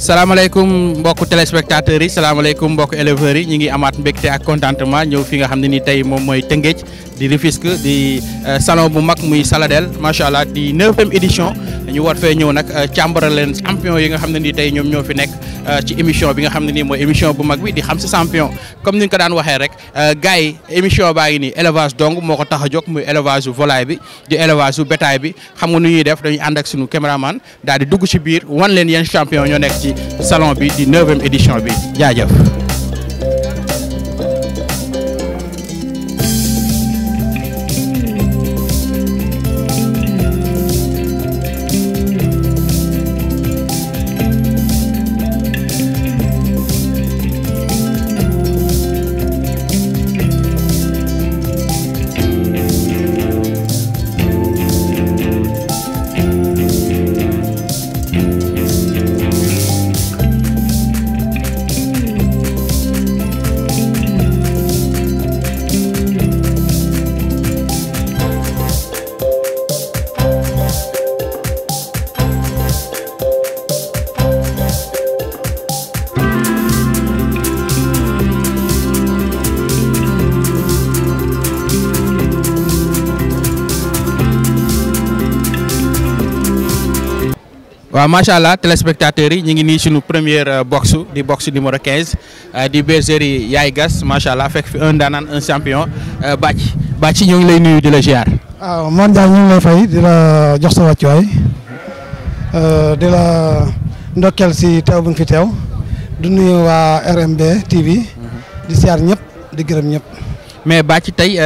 salaamaaleykum mbokk téléspectateurs yi salaamaaleykum mbokk éleveurs yi ñu ngi amaat mbégte a contentement ñëw fi nga xam ne ni tey moom mooy Tëngéej di Rufisque di euh, salon bu mag muy Saladel macha allah di neuvième édition ñu war fee ñëw nag euh, càmbara leen champion yi nga xam ne ni tey ñoom ñoo fi nekk euh, ci émission bi nga xam ne nii mooy émission bu mag bi di xam sa champion comme ni ñu ko daan waxee rek gars yi émission baa ngi ni élevage dong moo ko tax a jog muy élevage su bi di élevage bi xam nga nu ñuy def dañuy ànd ak suñu caméraman daal di dugg ci biir wan leen yan champion ñoo nekk ci Salon B, 9ème édition B. Yaya. waaw macha allah téléspectateurs yi ñu ngi nii suñu première euh, box di box numéro 15 euh, di bergerie Yaay Gas macha allah fekk fi un daanaan un champion Bac euh, Bac ñu ngi lay nuyu di la ziar. waaw ah, man daal ñu ngi lay fay di la jox sa wàccuwaay di la ndokkeel si teew bu nga fi teew du nuyu waa RMB TV di ziar ñëpp mais baa ci tey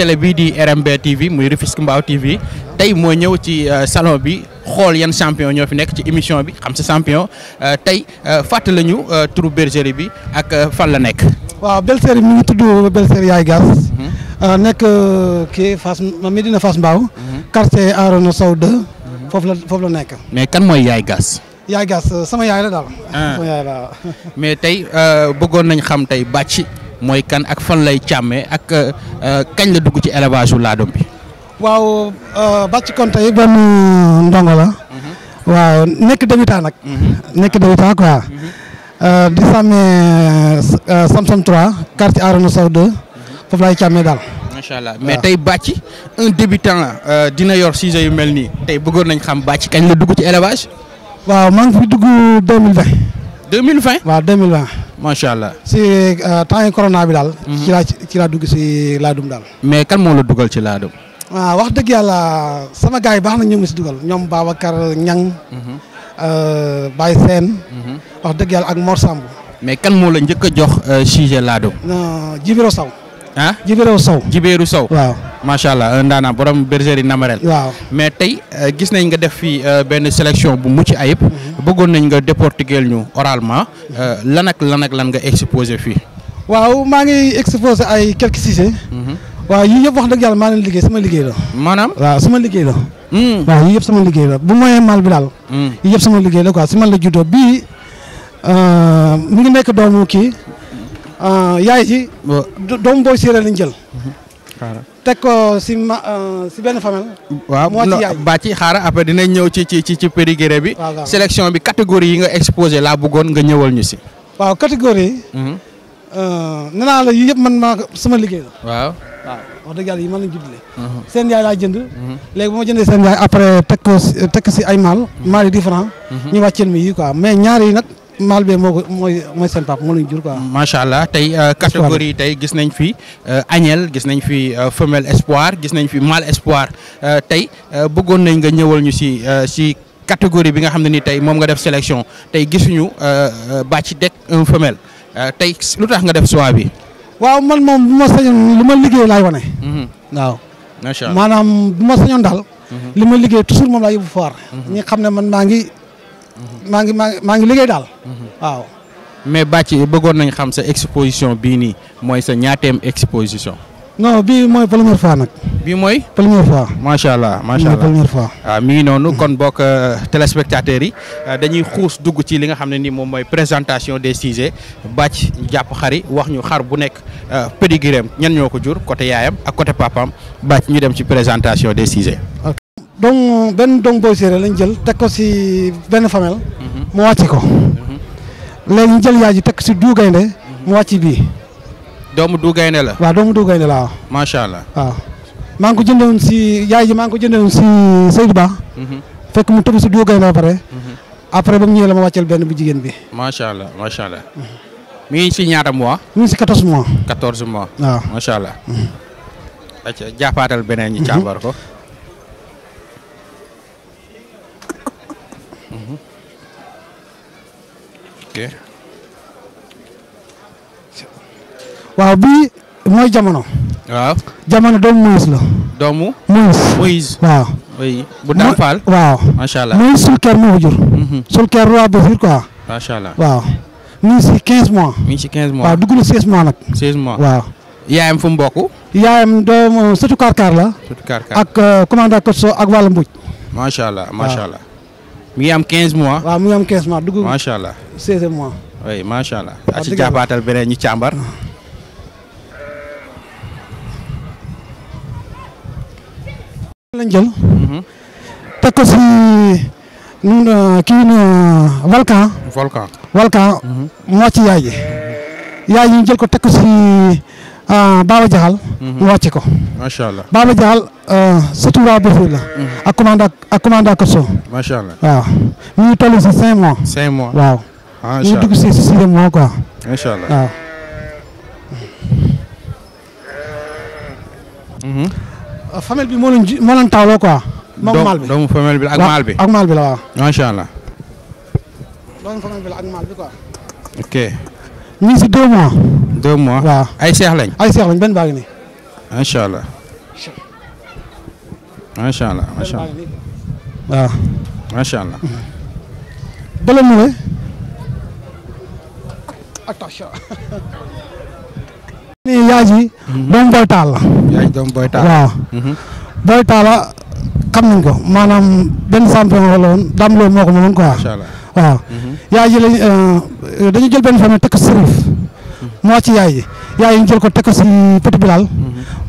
télé bi di RMB TV muy Rufisque Mbao TV tey moo ñëw ci salon bi xool yan champion ñoo fi nekk ci émission bi xam sa champion euh, tey euh, fàttali lañu euh, turu bergerie bi ak fan la nekk. waaw bergerie mi ngi tudd bergerie Yaay Gass. Mhm. nekk kii Fass Médina Fass Mbao mhm. quartier Arona Sow 2. Mhm. foofu la foofu la nekk. mais kan mooy Yaay Gass. Yaay Gass sama yaay la daal. Ah. mais tey bëggoon nañ xam tey bàcc mooy kan ak fan lay càmmee ak kañ la dugg ci élevage wu laadum bi. waaw euh, Bathie Konte yi benn ndongo la. Mhm. waaw nekk débutant nag. Mhm. nekk débutant quoi. Mhm. Euh, di sàmmee euh, Samsam 3 quartier Arouna Sow 2 foofu laay càmmee daal. macha allah mais tey Bathie un débutant la dina yor sujet yu mel nii tey bëggoon nañ xam Bathie kañ la dugg ci élevage. waaw maa ngi fi dugg mille 2020 waaw 2020. macha allah si temps yi corona bi daal. ci laa ci laa dugg si laadum daal. mais kan moo la dugal ci laadum. waa wax dëgg yàlla sama gars yi baax na ñoom ñu si dugal ñoom Babacar Ñang mhm. euh, Baye Sène mhm. wax dëgg yàlla ak Mor Samb mais kan moo la njëkk a jox euh, sujet Lado non Jibiro Sow ah saw Sow Jibiru macha allah euh, ndaana borom bergerie Namarel waaw mais tey gis nañ nga def fii benn sélection bu mucc ayib mhm. bëggoon nañ nga décortiquer ñu oralement lan ak lan lan nga exposé fii waaw maa ngi exposé ay quelques sujets waaw yii yëpp wax dëgg yàlla maa leen liggéey sama liggéey la. maanaam waaw sama liggéey la. Hmm. waaw semal yëpp sama liggéey la bu moyee mal bi daal. Hmm. yii yëpp sama liggéey la quoi si man la juddoo bii euh, mu ngi nekk doomu kii euh, yaay ji. doomu booy séeréer lañ jël. teg ko si ma euh, si benn famille. waaw ba ci xaaral après dinañ ñëw ci ci ci ci périgéré bi. sélection bi catégorie yi nga exposé laa bëggoon nga ñëwal ñu si. waaw catégorie. Hmm. nee naa la yii yëpp man maa sama liggéey la. waaw. waaw wax dëgg yàlla yi man lañ juddile seen yaay laa jënd uh-huh. léegi bu ma jëndee seen yaay après teg si ay maal uh-huh. maal yi différent uh-huh. ñu wàcceen mi yi quoi mais ñaar yi nag maal bee moo ko mooy mooy seen pap moo lañ jur quoi macha allah tey euh, catégorie yi tey gis nañ fi euh, agnelle gis nañ fi euh, femelle espoir gis nañ fi mâle espoir tey bëggoon nañ nga ñëwal ñu si si catégorie bi nga xam ne nii tey moom nga def sélection tey gisuñu bàcc dekk un femelle tey lu tax nga def choix bi waaw man moom bu ma sañoon lu ma liggéey laay wane. Mhm. waaw. macha maanaam bu ma sañoon daal. Mhm. li ma liggéey toujours moom laa yóbbu foire. Mhm. ñi xam ne man maa ngi. maa ngi maa maa ngi liggéey daal. waaw. mais bàcc bëggoon nañ xam sa exposition bii nii mooy sa ñaateem exposition. non bii mooy première fois nag. bii mooy. première macha allah macha allah première fois. waaw mi ngi noonu kon bokk euh, téléspectateurs yi euh, dañuy xuus dugg ci li nga xam ne ni moom mooy présentation de sujets bàcc jàpp xari wax ñu xar bu nekk euh, pédigréem ñen ñoo ko jur côté yaayam ak côté papaam bàcc ñu dem ci présentation des sujets. ok donc benn dong booy séeréer lañ jël teg ko si benn femelle. Mhm. mu wàcc ko. Mhm. léegi ñu jël yaay ji teg si duugaynde mhm. mu wàcc bii. doomu gayne la waaw doomu gayne la ma sha allah waaw maa ngi ko won ci yaay ji maa ngi ko won ci Seydou Ba hmm fekk mu tobi ci du gayne ba hmm après bam ñëw la ma waccel ben bu jigen bi ma sha allah ma sha allah mhm. mi ci ñaata mois mi ci 14 mois 14 mois wa ma sha allah hmm acca jàppaatal benen ñi chambar ko hmm okay. waaw bii mooy jamono. jamono doomu Moïse la. doomu. Moïse Moïse. waaw. oui bu daan faal. waaw macha allah Moïse Sulker moo ko jur. Mhm. si mois. mi ngi si 15 mois waaw dugg na 16 mois nag. 16 mois yaayam fu mu yaayam doomu sëtu Karkar la. sëtu Karkar ak euh, commandant Kotso ak wàllu Mbuj. macha allah mois. waaw mi am 15 mois macha allah 16 mois. oui macha allah. ci jàppaatal beneen ñu càmbar. Ah. lañ jël teg ko si nun kii nu ñu jël ko teg ko si ah, Baba Diakhal mu mois waaw ñu dugg si sixième mois quoi macha allah waaw mhm. famille bi moo leen ji moo leen tawloo quoi. moom maal bi doomu famille bi la ak maal bi ak maal bi la waaw. macha allah. doomu famille bi la ak maal bi quoi. ok. ñu ngi si deux mois. deux mois waaw ay seex lañ. ay seex lañ benn baa ngi nii. macha allah. macha allah macha allah. waaw. macha allah. bële mu ne. attention. ni yaaji doom mhm. boy taal la yaaji doom boy taal waaw ya. mhm. boy taal la xam nañ ko maanaam benn champion la woon dam loo moo ko moomoon quoi waaw mhm. yaaji lañ euh, dañu jël benn famille tekk sërif mu wàcc yaayi yaayi ñu jël ko tekk si petit bilal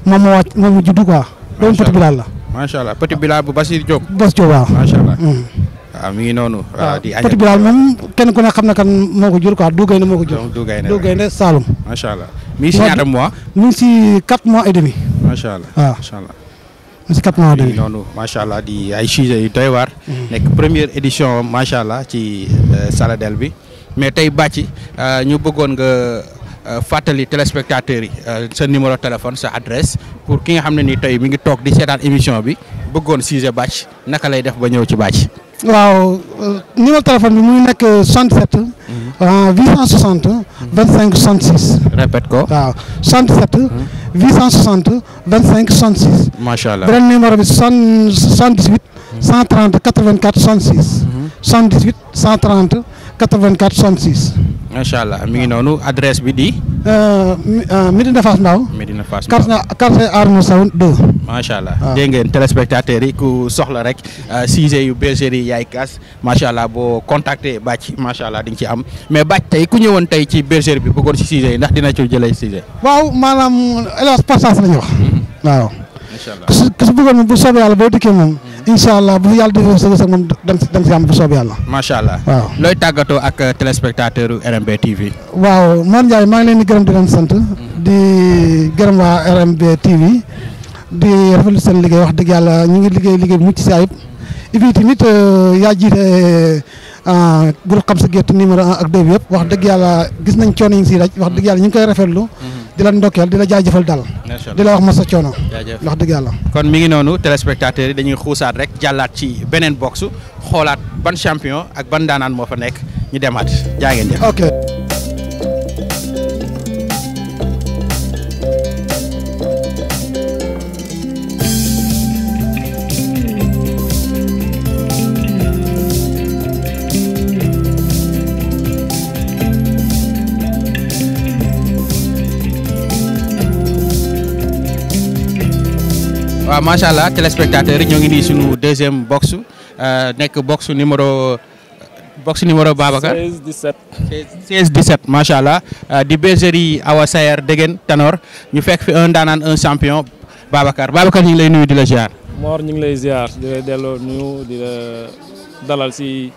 moom mu wàcc moom juddu quoi doomu petit bilal la macha allah petit bilal bu Basir job? Bas Diop waaw macha allah waaw mm. ah, mi ngi noonu. waaw di petit bilal moom kenn ku ne xam na kan moo ko jur quoi Dugaynde moo ko jur. Dugaynde Saalum macha allah. mi ngi si mois. mi ngi mois et demi. macha allah waaw macha allah. si quatre mois et demi macha allah di ay sujet yu doy waar. Mm-hmm. nekk première édition macha allah ci euh, Saladel bi mais tey bàcci euh, ñu bëggoon nga euh, fàttali téléspectateurs yi sa numéro téléphone sa adresse pour ki nga xam ne ni tey mi ngi toog di seetaan émission bi bëggoon sujet bàcc naka lay def ba ñëw ci bàcc. waaw euh, numéro téléphone bi mu ngi nekk 77. 860. 25 66. répète ko waaw 77. 860 25 66. macha allah beneen numéro bi 78. 130 84 66. 78 130 84 66. macha allah mi ngi noonu adresse bi di. Euh, euh, Médina Fass Mbao. Médina Fass Mbao quartier Arnaud Sow 2. macha allah ah. dégg ngeen téléspectateurs yi ku soxla rek euh, sujet yu bergerie yaay kaas macha allah boo contacter bàcc macha allah di nga ci am mais bàcc tey ku ñëwoon tey ci bergerie bi bëggoon si sujet ndax dina ci jëlee sujet. waaw maanaam élevage par chance wax. Mm-hmm. waaw. macha allah ku bu soobee boo dikkee moom. incha allah bu yàlla defee sa sa moom dañ si dañ si am bu soob yàlla. macha allah waaw looy tàggatoo ak euh, téléspectateur RMB TV. waaw man Ndiaye maa ngi leen di gërëm di leen sant. Mm-hmm. di gërëm waa RMB TV. di rafetlu seen liggéey wax dëgg yàlla ñu ngi liggéey liggéey bu mucc si ayib. et puis tamit euh, yaa jiite bul euh, ah, xam sa gerte numéro ak 2 bi yëpp wax dëgg yàlla gis nañ coono yi ngi siy wax dëgg yàlla ñu ngi koy rafetlu. Mm-hmm. di la ndokkeel dina la jaajëfal daal di wax ma sa coono ndax dëgg yàlla kon mi ngi noonu téléspectateurs yi dañuy xuusaat rek jàllaat ci beneen box xoolaat ban champion ak ban daanaan moo fa nekk ñu demaat jaa ngeen jëf waaw macha allah téléspectateurs yi ñoo ngi nii suñu deuxième box euh, nekk box numéro box numéro Babacar. 16 17. 16 17 macha allah euh, di bergerie Awa Sayer Degen Tanor ñu fekk fi un daanaan un champion Babacar Babacar ñu ngi lay nuyu di la ziar. Mor ñu ngi lay ziar di lay delloo nuyu di la dalal si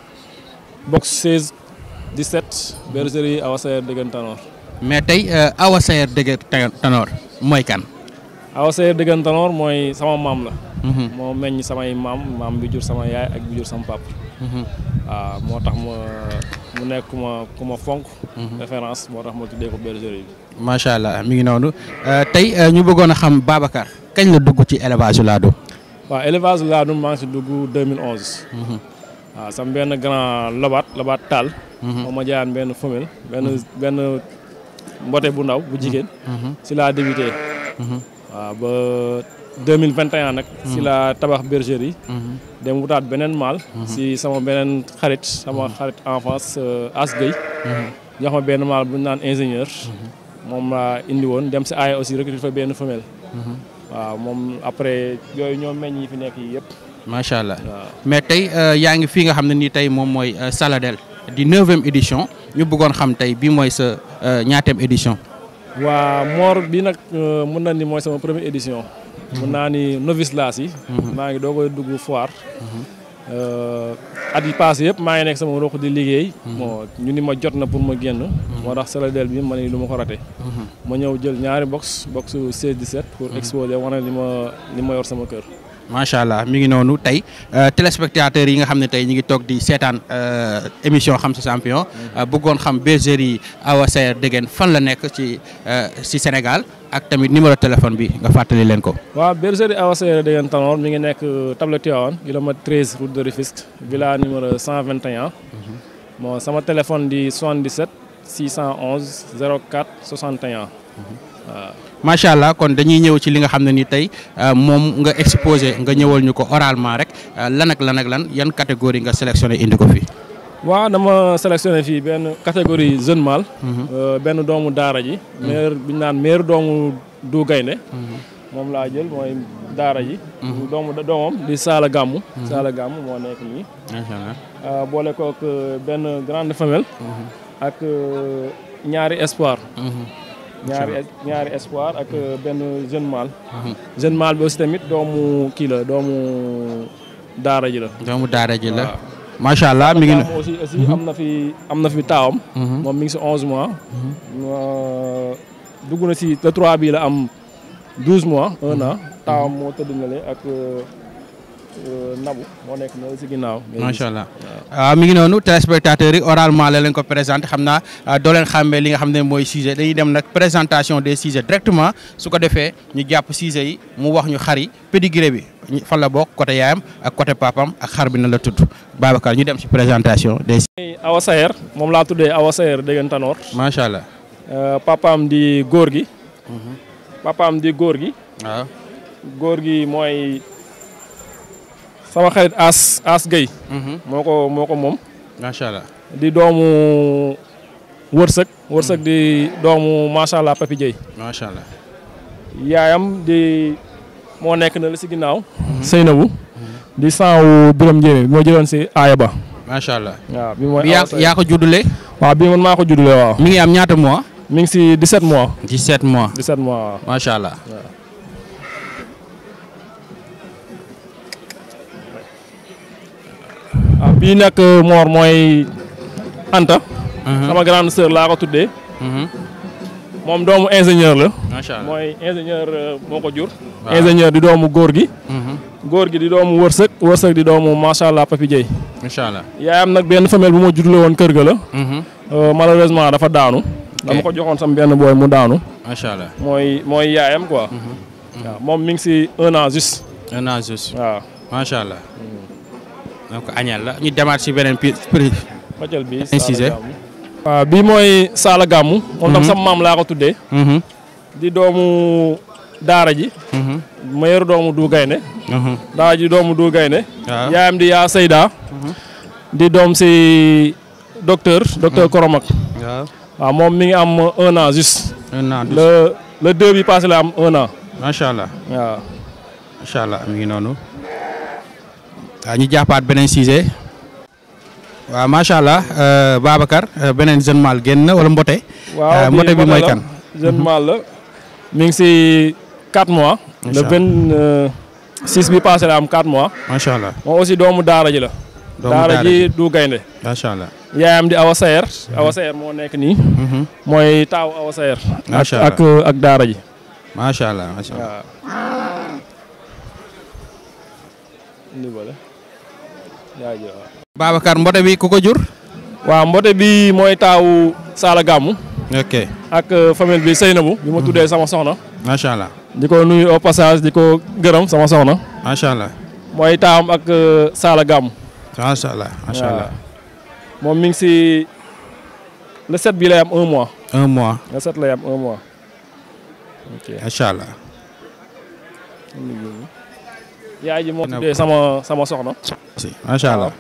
box 16 17 bergerie Awa Sayer Degen mais tey euh, Awa Sayer Degen mooy kan. aw seer dëggantanoor mooy sama maam la mhm. moo meññ samay maam maam bi jur sama yaay ak bi jur sama papa mhm. waaw moo tax ma mu nekk ku ma ku ma fonk mhm. référence moo tax ma tuddee ko bergerie bi macha allah mi ngi noonu euh, tey euh, ñu bëggoon a xam Babacar kañ la dugg ci élevage laadum waaw élevage laadum maa ngi si dugg 2011 waaw sama benn grand lobaat lobaat taal moo ma jaayaan benn femelle benn benn mbote bu ndaw bu jigéen si laa débuté waaw ba 2021 nag. si mm-hmm. la tabax bergerie. Mm-hmm. dem wutaat beneen maal. si mm-hmm. sama beneen xarit sama xarit enfance euh, As Gueye. jox ma benn maal bu ñu naan ingénieur. moom laa indi woon dem si ay aussi recruter fa benn femelle. waaw moom après yooyu ñoo meññ yi fi nekk yi yëpp. macha allah mais tey euh, yaa ngi fii nga xam ne nii tey moom mooy euh, Saladel di neuvième édition ñu bëggoon xam tey bi mooy sa ñaateem édition. waa Mor bi nag euh, mën na ni mooy sama première édition. Mhm. mën naa ni novice laa si. Mhm. maa ngi doo koy dugg foir mhm. euh, at yi passé yëpp maa ngi nekk sama ruq di liggéey. bon ñu ni ma jot na pour ma génn. moo tax Saladel bi ma ne lu ma ko raté. ma ñëw jël ñaari box box 16 17. pour exposer wane li ma li ma yor sama kër. macha mi ngi tay tey euh, téléspectateurs yi nga xamné tay ñi ngi tok di seetaan euh, émission xam sa champion euh, bëggoon xam bergerie Awa Sayer fan la nekk ci ci Sénégal ak tamit numéro téléphone bi nga fatali len ko. wa bergerie Awa Sayer Tanor mi ngi nekk table kilomètre 13 route de Rifisque, villa numéro 121. Mhm. bon sama téléphone di 77 611 04 61. macha allah kon dañuy ñëw ci li nga xam ne ni tey euh, moom nga exposé nga ñëwal ñu ko oralement rek euh, lan ak lan ak lan yan catégorie nga sélectionné indi ko fii. waaw dama sélectionné fii benn catégorie jeune mâle. Mhm. Euh, benn doomu daara ji. meer mhm. bi naan meer doomu du gaynde mhm. moom laa jël mooy daara ji. doomu doomam di Saala Gàmmu. Saala Gàmmu moo nekk nii. macha allah boole kook benn grande femelle. ak ñaari espoir. ñaari ñaari espoir ak mm. euh, benn jeune mâle. Mm-hmm. jeune mâle bi aussi tamit doomu kii la doomu daara ji la. doomu daara ji la. macha allah mi ngi ne aussi aussi mm-hmm. am na fi am na fi taawam. Mm-hmm. moom mi ngi si 11 mois. Euh, dugg na si le 3 bii la am 12 mois. un an taawam moo tëdd na le ak. Euh, Euh, Nabou moo nekk noonu si ginnaaw. macha allah waaw ah, mi ngi noonu téléspectateurs yi oralement la leen ko présenté xam naa ah, doo leen xàmmee li nga xam ne mooy sujet dañuy dem nag présentation des sujets directement su ko defee ñu jàpp sujet yi mu wax ñu xar yi pédigré bi fan la bokk côté yaayam ak côté papam ak xar bi na la tudd Babacar ñu dem si présentation des. Awa Sayer moom laa tuddee Awa Sayer déggantanoor. macha allah. Euh, papaam di góor gi. Mhm. di góor gi. waaw ah. góor mooy. sama xarit As As gay mhm. moo moko moo ko moom. di doomu wërsëg. wërsëg mhm. di doomu machallah Papi jey machallah yaayam di mo nek na la ci ginaaw mhm. seynawu di saawu Biram Ndiémé mo jëloon ci aaya ba. macha ya bi mooy. ko juddulee. wa bi man mako ko wa mi ngi am ñaata mois. mi ngi ci 17 mois. 17 mois 17 mois machallah waaw ah, bii nag euh, moor mooy Anta. Mhm. sama grande sœur laa ko tuddee. Mhm. moom doomu ingénieur la. macha allah mooy ingénieur euh, moo ko jur. ingénieur di doomu góor gi. Mhm. góor gi di doomu wërsëg wërsëg di doomu macha allah Papi Dieye. macha allah yaayam nag benn femelle bu ma judle woon kër ga la. Euh, malheureusement dafa daanu. dama ko joxoon sam benn booy mu daanu. macha allah mooy mooy yaayam quoi. moom mi ngi si un an juste. un an juste waaw macha allah. Mm. donc añeel la ñu demaat si beneen prix. bëjël bi incisé waaw bii mooy Saala Gàmmu. moom tam mhm. sama maam laa ko tuddee. Mhm. di doomu Daara ji. Mhm. ma doomu Du Gaynde. Daara ji doomu Du Gaynde. yaayam di yaa Seyda. di doom si docteur. docteur Koromak. waaw moom mi ngi am un an juste. un an le la am un an. macha allah waaw. mi ngi noonu. waaw ñu jàppaat beneen Cissé waaw macha allah euh, Babacar euh, beneen jeune mâle wala mbote. waaw euh, mbote bi mooy kan jeune mhm. la mi ngi si 4 mois. le bi passé la am 4 mois. macha allah moom aussi doomu Daara ji la. doomu Daara ji du gaynde macha allah yaayam di Awa Sayer. Mhm. moo nekk nii. Mhm. mooy taaw Awa Sayer. macha ak Daara ji. macha allah Ya, ya. babakar mbote bi kuko jur. wa mbote bi moy taawu Saala Gàmmu. ok ak euh, famille bi seynabu bi ma mhm. tuddee sama soxna. macha allah di nuyu au passage diko ko gërëm sama soxna. macha allah mooy taawam ak euh, Saala Gàmmu. macha allah macha allah moom mi ngi ci le set bi lay am 1 mois. 1 mois le set lay am 1 mois. ok macha allah. yaay ji moo sama sama soxna. macha allah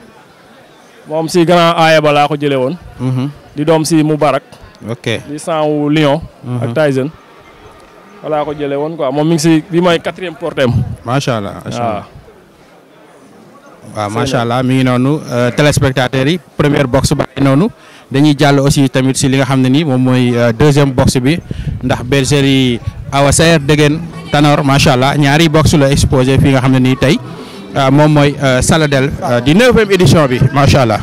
moom si grand aaya ba ko jëlee woon. Mm-hmm. di doom si Moubarak. ok di Lion. ak mm-hmm. Tyson. ko jëlee woon quoi moom mi ngi si bi mooy quatrième portem. macha allah macha waaw macha allah mi ngi noonu euh, téléspectateurs yi première box ba noonu dañuy jàll aussi tamit si li nga xam ne nii moom mooy euh, deuxième box bi ndax bergerie Awa Saer Tanor macha allah ñaari box la exposé fi nga xam ne nii tey euh, moom mooy euh, Saladel euh, di neuvième édition bi macha allah.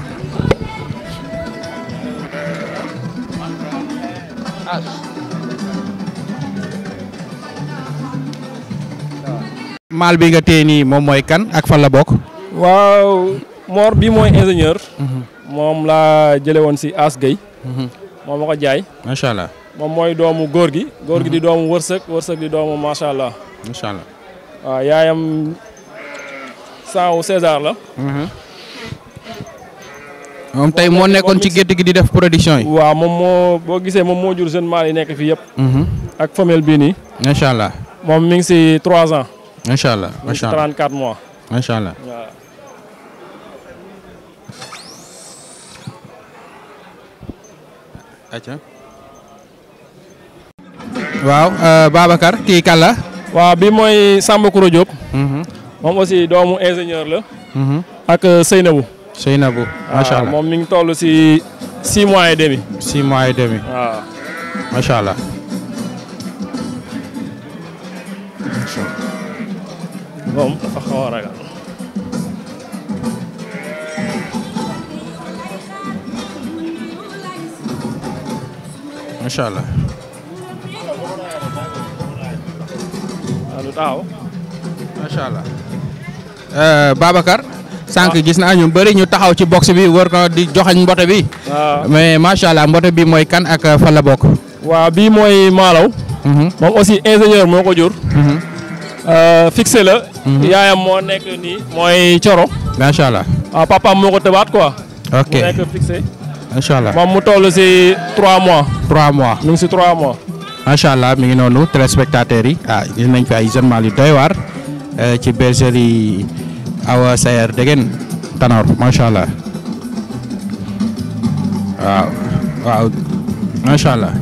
maal bi nga téye nii moom mooy kan ak fan la bokk. waaw Mor bi mooy ingénieur. Mhm. moom laa jëlee woon si As Gueye. Mhm. moom ma jaay. macha allah. moom mooy doomu góor gi. góor gi di mhm. doomu wërsëg wërsëg di doomu macha allah. macha allah waa yaayam saawu César la. Mhm. moom tey moo nekkoon ci gétt gi di def production yi. waaw moom moo boo gisee moom moo jur jeune mâle yi nekk fii yëpp. Mhm. ak femelle bii nii. macha allah moom mi ngi si trois ans. macha allah macha allah 34 mois. macha allah waaw. waaw euh, Babacar kii kan la. waaw bi mooy Samba Koura Diop. Mhm. moom aussi doomu ingénieur la. Mhm. ak euh, Seynabou. Seynabou ah, macha allah moom mi ngi toll si six mois et demi. six mois et demi. Ah. macha allah. moom dafa xaw macha allah. babakar taxaw allah gis na ñu bari ñu taxaw ci box bi wor ko di johan mbote bi ah. mais macha allah mbote bi mooy kan ak fa la bokk waaw bii mooy maalaw mhm. moom aussi ingénieur moo ko jur mhm. euh, fixé la mhm. yaayam moo nekk nii mooy coro macha allah papa ah, papaam moo ko tëbaat quoi ok mu nekk fixé macha allah moom mu si trois mois trois mois mu ngi si trois mois macha allah mi ngi noonu téléspectateurs yi ah gis nañ fi ay événement yu doy waar ci e, bergerie Awa Sayer Degen Tanor macha allah waaw waaw macha allah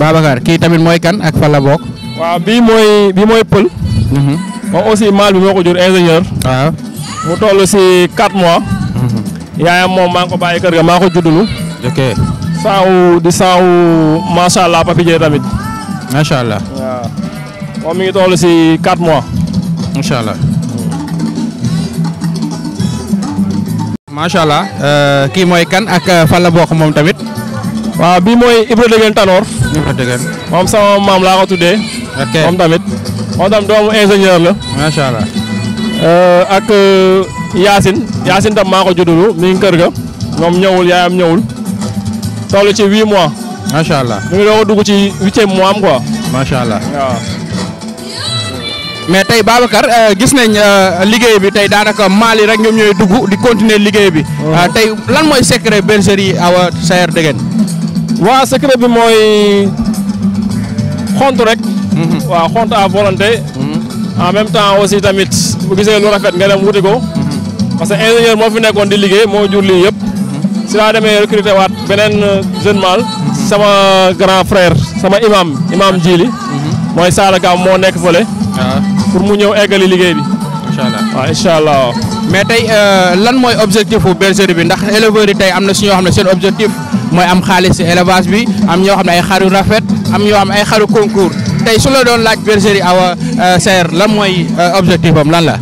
Babacar kii tamit mooy kan ak fan la bokk. waaw bii mooy bii mooy pël. moom aussi maal bi moo jur ingénieur. Ah. mu si 4 mois. Mhm. yaayam moom maa ngi ko bàyyi kër ga maa ko ok saaw di saaw macha Papi jey tamit. macha wa waaw. mi ngi tolu ci 4 mois. macha allah. euh ki moy kan ak fa la bok mom tamit. waaw bii mooy Ibra Degen Tanor. Ibra Degen mom sama mam la ko tuddee. ok mom tamit mom tam doomu ingénieur eh, la. macha euh ak yasin yasin tam mako jodulu mi ngi kër ga. ñom ñewul yaayam ñewul toll ci huit mois. macha allah mu ngi doog a dugg ci huitième mois am ko macha allah waaw. mais tey Babacar euh, gis nañ euh, liggéey bi tey daanaka Mali rek ñoom ñooy dugg di continuer liggéey bi. Oh. Euh, tey lan mooy secret bergerie Awa Sayer Deguene. waaw secret bi mooy xont rek. Mhm. waaw xont à volonté. Mhm. en même temps aussi tamit bu gisee lu rafet nga dem wuti ko. Mhm. parce que ingénieur moo fi nekkoon di liggéey moo jur lii yëpp. si laa demee recruter waat beneen euh, jeune mâle sama grand frère sama imam imam Djili mhm. mooy Saala am moo nekk fële. Ah. pour mu ñëw eggali liggéey bi. incha allah waaw incha allah. mais tey euh, lan mooy objectif bu bergerie bi ndax éleveurs yi tey am na si ñoo xam ne seen objectif mooy bi am ñoo xam ne ay xaru rafet am ñoo xam ne ay xaru concours tey su la doon laaj bergerie Awa euh, Saer lan mooy objectif am lan la.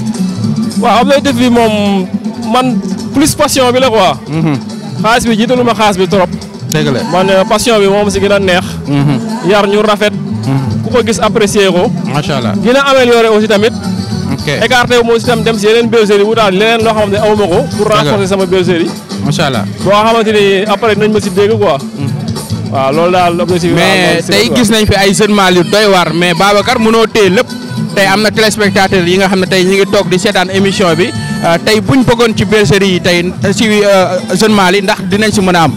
waaw objectif bi moom man plus passion bi la quoi. Mhm. xaalis bi jiitalu ma xaalis bi trop. dëgg man euh, passion bi moom si gën a neex. Mhm. yar ñu rafet. Mhm. ku ko gis apprécier ko. macha allah gën a amélioré aussi tamit. ok écarté wu ma aussi tamit dem si yeneen bergerie wutaat leneen loo xam ne aw ma ko. pour renforcer sama bergerie. macha allah boo xamante ni après nañ ma si dégg quoi. Mhm. waaw loolu daal l'objectif mais tey gis nañ fi ay jeunes mâles yu doy waar mais Babacar mënoo lépp tey am na téléspectateur yi nga xam ne tey ñu ngi toog di seetaan émission bi. Euh, tey buñ bëggoon ci bergerie yi tey si euh, euh, jeune Mali ndax dinañ si mën a am.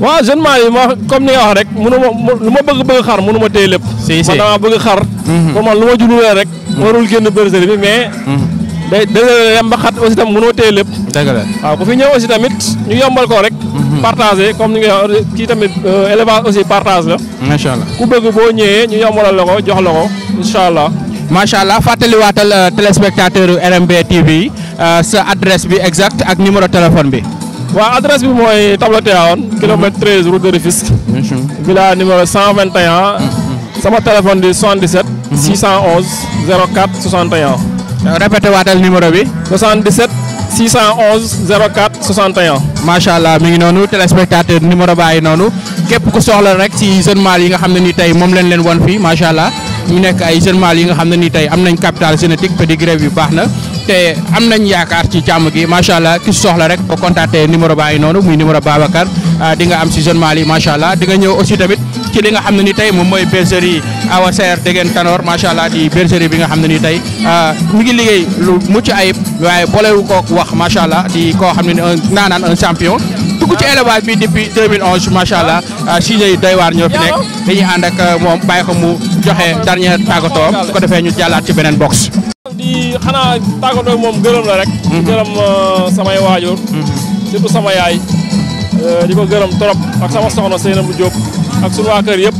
waaw jeune Mali ma comme ni nga wax rek ma lu ma bëgg xar mënu ma téye lépp. si si man damaa bëgg xar. Mhm. pour man lu ma jubluwee rek. Mhm. warul génn bergerie bi mais. Mhm. day day dem ba xat aussi tam mënoo téye lépp. dëgg la waaw ku fi ñëw aussi tamit ñu yombal ko rek. partagé comme ni nga wax tamit élevage aussi partage la. macha allah ku bëgg boo ñëwee ñu yombalal la ko jox la ko incha allah. macha allah fàttaliwaatal téléspectateur RMB TV yi Euh, sa adresse bi exact ak numéro téléphone bi. waaw adresse bi mooy Tabla Tivaouane kilomètre 13 route de Rufisque. Mhm. villa numéro 121. Mhm. sama téléphone di 77. 611 04 61. répété waatal numéro bi. 77 611 04 61. macha allah mi ngi noonu téléspectateur numéro baa ngi noonu képp ku soxla rek ci jeune mâle yi nga xam ne nii tey moom leen leen won fii macha allah ñu nekk ay jeune mâle yi nga xam ne nii tey am nañ capital génétique pedigree bi baax na. te am nañ yaakaar ci jàmm gi macha allah ki soxla rek boo contacté numéro ba ngi noonu muy numéro Babacar ah, di nga am si zone Mali macha allah di nga ñëw aussi tamit ci li nga xam ne ni tey moom mooy bergerie Awa Seer Degen Tanor macha allah di bergerie bi nga xam ne ni tey ah, mi ngi liggéey lu mucc ayib waaye boolewu kook wax macha allah di koo xam ne ni un naanaan un champion. dugg ci élevage bi depuis 2011 macha allah ah, signes yi doy waar ñoo fi nekk dañuy ànd ak moom bàyyi ko mu joxe dernier tàggatoom su ko defee ñu jàllaat ci beneen box. xanaa tàggatoo moom gërëm la rek. Mhm. gërëm euh, samay waajur. Mhm. surtout sama yaay. Euh, di gërëm trop ak sama soxna Seynabou Diop ak sunu waa kër yëpp.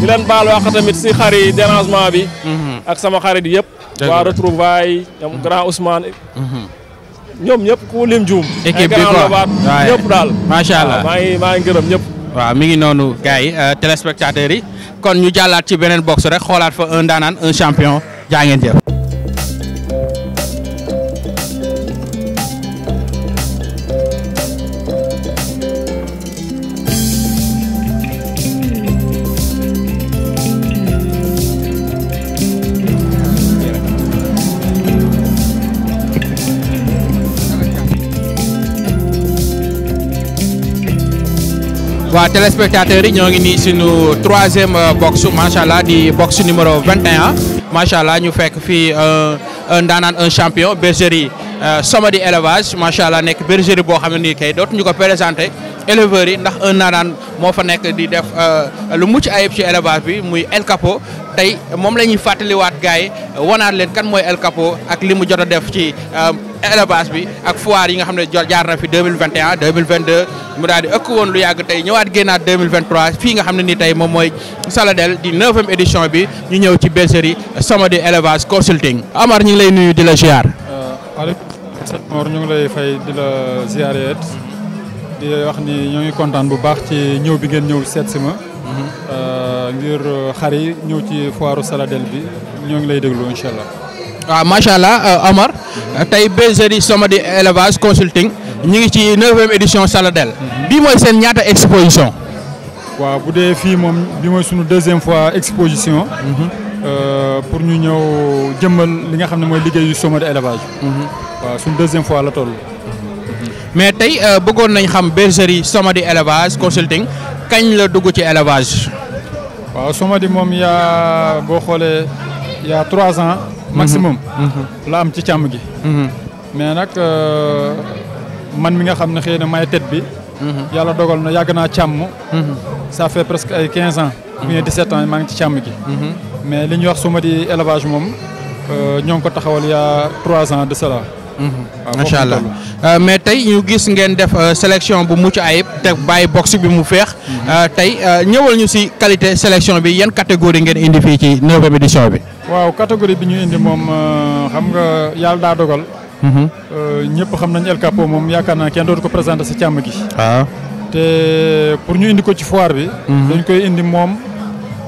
di leen baal wax tamit si xar yi dérangement bi. Mhm. ak sama xarit yëpp. waa retrouvaille ñoom grand Ousmane. ñoom ñëpp ku lim juum. équipe bi quoi daal. macha allah maa ngi maa gërëm ñëpp. waaw mi ngi noonu gars yi euh, téléspectateurs yi kon ñu jàllaat ci beneen box rek xoolaat fa un daanaan un champion jaa jëf. téléspectateurs yi ñoo ngi nii suñu troisième euh, box macha allah di box numéro 21 macha allah ñu fekk fii euh, un daanaan un champion bergerie euh, Somadi élevage macha allah nekk bergerie boo xam ne nii kay ñu ko présenté éleveurs yi ndax un naanaan moo fa nekk di def lu mucc ayib ci élevage bi muy El tey moom la ñuy fàttaliwaat gars yi wanaat leen kan mooy El ak li mu jot a def ci. élevage bi ak foire yi nga xam ne jaar na fi 2021 2022 mu daal di ëkk woon lu yàgg tey ñëwaat génnaat 2023 fii nga xam ne ni tey moom mooy Saladel di neuvième édition bi ñu ñëw ci bergerie di élevage consulting Amar ñu ngi lay nuyu di la ziar. waaleykum euh, salaam ñu ngi lay fay di la ziareet di wax ni ñoo ngi kontaan bu baax ci ñëw bi ngeen ñëw seet si ma. Mhm. Euh, ngir xar yi ñëw ci foiru Saladel bi ñoo ngi lay déglu incha allah. Ah, mashallah Amar, euh, Omar Tay bergerie Somadi élevage consulting ñu ngi 9e édition Saladel moi exposition. bu deuxième fois exposition. Mhm. Euh, pour nous, nous jëmmal li nga mhm. deuxième fois la toll. mais tey euh, nañ xam bergerie élevage consulting kañ la dugg ci élevage. l'élevage Somady moom yaa Il y a trois ans maximum mhm. la am ci cham gi mhm. mais nak euh, man mi nga xamne xeyna may tête bi mhm. yalla dogal na yag na cham ça fait presque 15 ans ou 17 ans man ci cham gi mais liñ wax suma di élevage mom euh, ñong ko taxawal ya 3 ans de cela Mm-hmm. macha ah, allah euh, mais tey ñu gis ngeen def euh, sélection bu mucc ayib te bàyyi box bi mu feex mm-hmm. euh, tey ñëwal ñu si qualité sélection bi yan catégorie ngeen indi fii ci neuvième édition bi. waaw catégorie bi ñu indi moom xam nga yàlla daa dogal. Mm-hmm. ñëpp xam nañ El Capo moom yaakaar naa kenn dootu ko présenté si càmm gi. Ah. te pour ñu indi ko ci foire bi. dañ koy indi moom.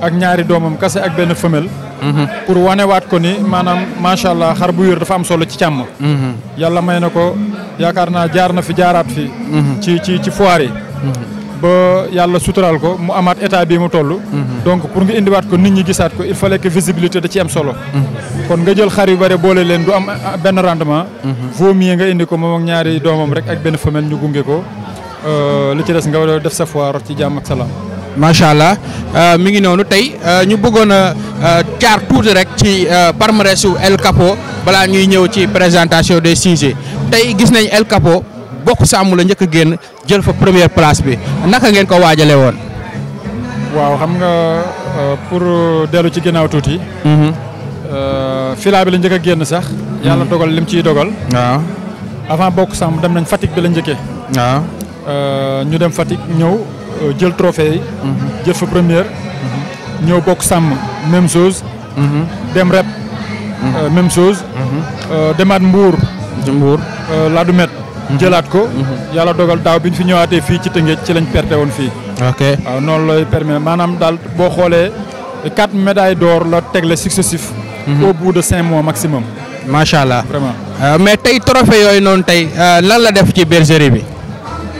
ak ñaari doomam kase ak benn femelle. Mhm. pour wanewaat ko ni maanaam macha allah xar bu wér dafa am solo ci càmm. Mhm. yàlla may na ko yaakaar naa jaar na fi jaaraat fi. Mhm. ci ci ci foire yi. ba yàlla suturaal ko mu amaat état bii mu toll. donc pour nga indiwaat ko nit ñi gisaat ko il fallait que visibilité da ci am solo. kon nga jël xar yu bare boole leen du am benn rendement. vaut mieux nga indi ko moom ak ñaari doomam rek ak benn femelle ñu gunge ko euh, li ci des nga def sa foire ci jàmm ak salaam. macha allah euh, mi ngi noonu tey euh, ñu bëggoon a caar euh, tuuti rek ci palmarès u El Capo balaa ñuy ñëw ci présentation des sujets tey gis nañ El Capo bokk sàmm la njëkk a génn jël fa première place bi naka ngeen ko waajale woon. waaw xam nga pour dellu ci ginnaaw tuuti. Mhm. filaa bi la njëkk génn sax. Mhm. yàlla dogal lim ciy dogal. waaw ah. avant bokk sàmm dem nañ Fatick bi la njëkkee. waaw ah. ñu dem Fatick ñëw. Euh, le trophée yi. Mhm. première. Mhm. bokk même chose. Mhm. dem euh, même chose. Euh, demaat Mbour. Mbour du met ko. dogal biñ fi ci ci ok Non, permet. quatre médailles d'or la successif. au bout de cinq mois maximum. Machallah. mais tes trophée non, lan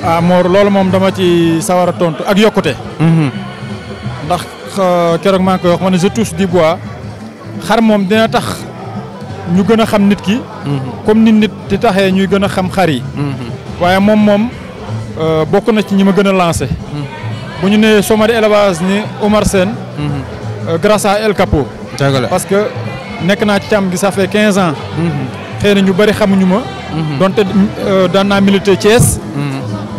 ah Mor mom dama ci sawara tontu ak hmm ndax keroog maa ngi koy wax ma je touche du bois xar mom dina tax ñu gëna xam nit ki. Mhm. comme nit nit di taxee ñuy gëna a xam xar yi. Mhm. waaye mom moom euh, bokku na ci ñima gëna lancer mhm. bu ñu né somari élevage ni Omar Sène. Euh, grâce à El Capo. parce que nek na ci càmm gi ça fait 15 ans. hmm na ñu bari xamuñu ma. donte euh, daan naa milité Thiès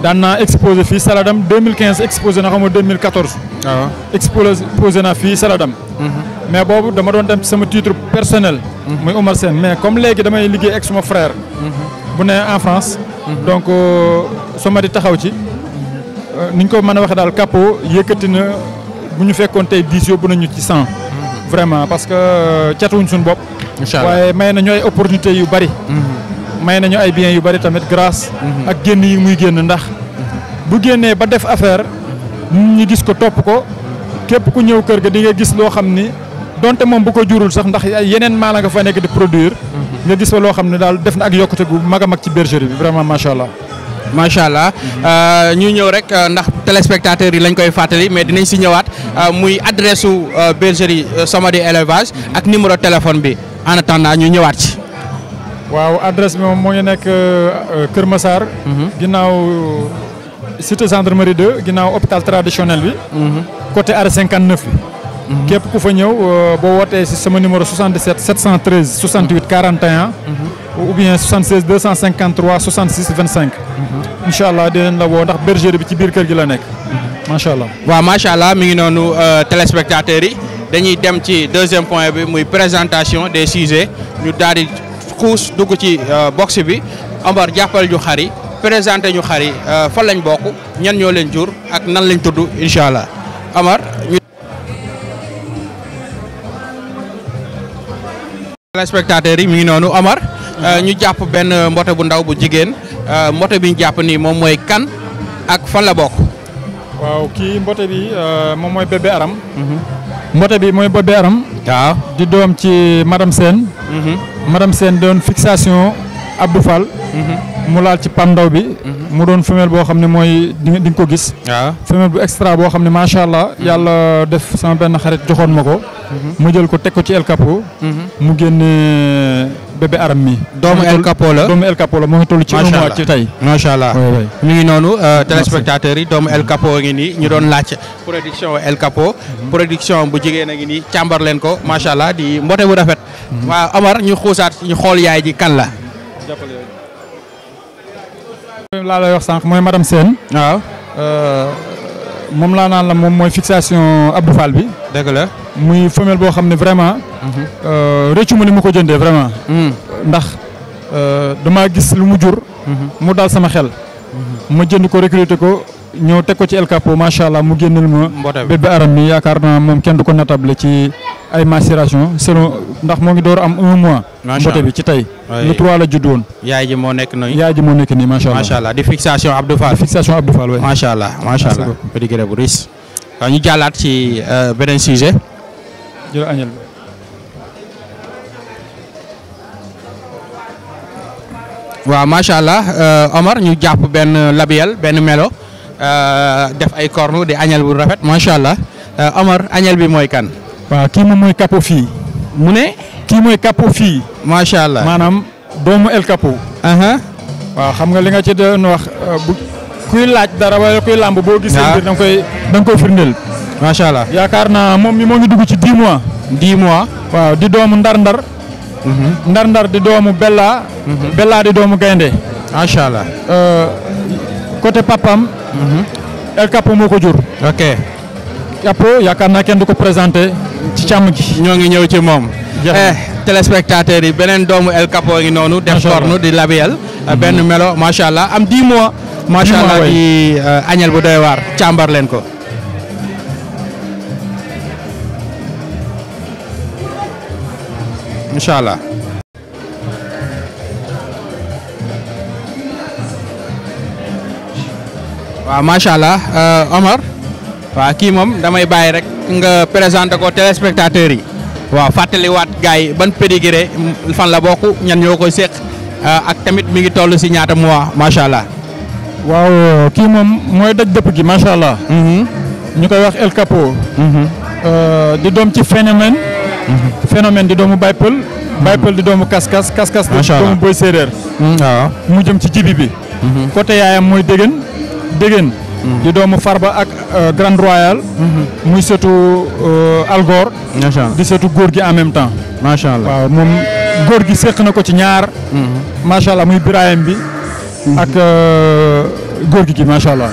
daan exposé fii Saladam 2015 exposé na xam 2014. waaw exposé na fii Saladam. Mhm. mais bobu dama don dem sama titre personnel. Mhm. muy Omar Sen. mais comme légui damay liggéey ak suma frère. Mhm. bu né en France. donc euh, soo ma di taxaw ci. Euh, niñ ko mën a dal capo capot na bu ñu fekkoon tey 10 bu nañu ci 100. vraiment parce que euh, catuwuñ suñu bop incha allah may na ñoy opportunité yu bari. may nañu ay biens yu bari tamit grâce ak génn yi muy génn ndax bu génnee ba def affaire ñi gis ko topp ko képp ku ñëw kër ga di nga gis lo xam ni donte moom bu ko jurul sax ndax yenen maala nga fa nekk di produire nga gis fa loo xam def na ak yokkute gu mag a mag ci bergerie bi vraiment macha allah macha euh, ñu ñëw rek euh, ndax téléspectateurs yi lañ koy fàttali mais dinañ si ñëwaat euh, muy adresse u bergerie Samadi élevage ak numéro téléphone bi en attendant ñu ñëwaat ci adresse bi moom moo ngi nekk euh, Massar. 2 mhm. euh, ginnaaw hôpital traditionnel mhm. côté r 59 bi. Mhm. képp fa ñëw euh, numéro 77 713 68 41. ou bien 76 253 66 25. Inch'Allah, allah la woo ndax berger de ci biir kër gi la nekk. machallah, allah nous téléspectateurs yi dañuy dem ci deuxième point présentation des sujets ñu xuus dugg ci euh, box bi Omar jàppale ñu xar yi présenté ñu xar yi euh, fan lañ bokk ñan ñoo leen jur ak nan lañ tudd incha allah Omar. téléspectateurs yi mi ngi noonu Omar. Euh, mhm. ñu jàpp benn mbote bu ndaw bu jigéen mbote bi ñu jàpp nii moom mooy kan ak fan la bokk. waaw kii mbote bi moom mooy bébé aram. Mhm. mbote bi mooy bébé aram. waaw di doom ci madame Sène. Mhm. madame seen doon fixation Abdou Fall. Mhm. mu laal ci pandaw bi. Mhm. mu doon femelle boo xam ne mooy di nga ko gis. waaw ah. femelle bu extra boo xam ne macha allah mhm. yàlla def sama benn xarit joxoon ma ko. mu jël ko teg ko ci El Capo. mu génne bébé aram mi. doomu El Capo la doomu El Capo moo ngi toll ci. macha allah ci tey macha allah. mu ngi noonu euh, téléspectateurs yi doomu El Capo ngi nii ñu doon laaj. production El Capo. production bu jigéen a ngi nii càmbar leen ko macha allah di mboote bu rafet. waaw Amar ñu xuusaat ñu xool yaay ji kan la. laa lay wax sànq mooy madame Sène. waaw. Euh, moom laa naan la moom mooy fixation Abdou Fall bi. dëgg la muy femelle boo xam ne vraiment. Mhm. Euh, rëccu ma ni mu ko jëndee vraiment. Mhm. ndax euh, damaa gis lu mu jur. Mhm. mu daal sama xel. ma jënd ko recruter ko. ñëw teg ko ci El Capo macha allah mu génneel ma. bébé aram mi yaakaar na moom kenn ko ko la ci ay macération selon ndax moo ngi door am un mois. mbote bi ci tey. le trois la judd woon. yaay ji moo nekk nii yaay ji moo nekk nii macha allah. macha allah di fixation Abdou Fall. fixation Abdou Fall waaye. macha allah macha allah. petit ñu jàllaat ci euh, beneen sujet. jërëjëf Agnel. Euh, Omar ñu jàpp benn labiel benn melo. Eh, def ay cornu di añal bu rafet macha allah eh, Omar añal bi mooy kan. waaw kii moom mooy Capo fii. mu ne. kii Capo fii. macha allah maanaam El Capo. aha xam nga li nga ci doon wax eh, bu kuy laaj dara wala kuy làmb boo. gisee mbir da koy da koy firndeel. macha allah yaakaar naa moom mi moo ngi dugg ci 10 mois. 10 mois. di doomu ndar-ndar. Mhm. ndar-ndar di doomu Bella. Mhm. Bella di doomu gaynde macha allah. côté papam El Capo moo ko jur. ok Capo yaakaar naa kenn du ko présenté ci càmm gi. ñoo ngi ñëw ci moom. Eh, téléspectateurs yi beneen doomu El Capo ngi noonu. def corne di labiyel. Mm-hmm. benn melo macha allah am 10 mois. macha allah di euh, añel bu doy war càmbar leen ko. incha allah. waaw allah eh, Omar waaw kii moom damay bàyyi rek nga présenté ko téléspectateurs yi. waaw fàttaliwaat gars yi ban pédigré fan la bokk ñan ñoo eh, ak tamit mi ngi ñaata mois allah. waaw kii moom mooy daj dëpp gi allah. Mhm. ñu koy wax El Capo. Mhm. Eh, di doom ci phénomène. Mhm. phénomène di doomu Bible Baypal di kas kas kas, di doomu Boy Séeréer. waaw mu jëm ci jibi bi. côté yaayam mooy Dégén. Dégéen. di doomu Farba ak euh, Grand Royal. muy sëtu euh, Algor. macha di sëtu góor gi en même temps. macha waaw moom góor gi séq na ko ci ñaar. macha allah muy Birayem bi. ak euh, góor gi gi macha allah.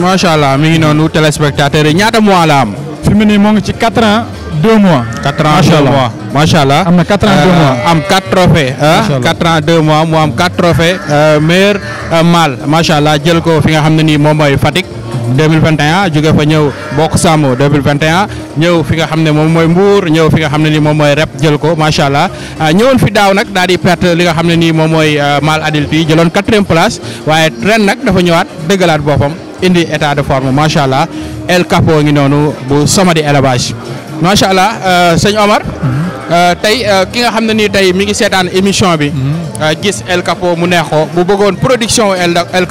macha allah mi ngi noonu téléspectateur yi ñaata mois la am. fi moo ngi ci 4 ans. deux mois. 4 ans, deux mois. Machallah. am na 4 ans deux mois. am 4 trophées. 4 ans deux mois Moi, am 4 trophées eh, meilleur eh, mal. machallah jël ko fi nga xam ne fatik, moom Fatick. 2021 jóge fa ñew bok samo 2021 ñew fi nga xam mom moy Mbour ñew fi nga xam ni mom moy rep jël ko machallah allah eh, fi daw nak daal di perte li nga xam ni mom moy mal adil fi jëlon 4e place waye ren nak dafa ñëwaat dëggalaat bopam indi état de forme machallah allah El Capo ngi nonu bu Somadi élevage. macha allah euh, sëñ Omar. Mhm. Euh, tey euh, ki nga xam ne nii tey mi ngi seetaan émission bi. Mhm. gis El Capo mu neex ko bu bëggoon production El El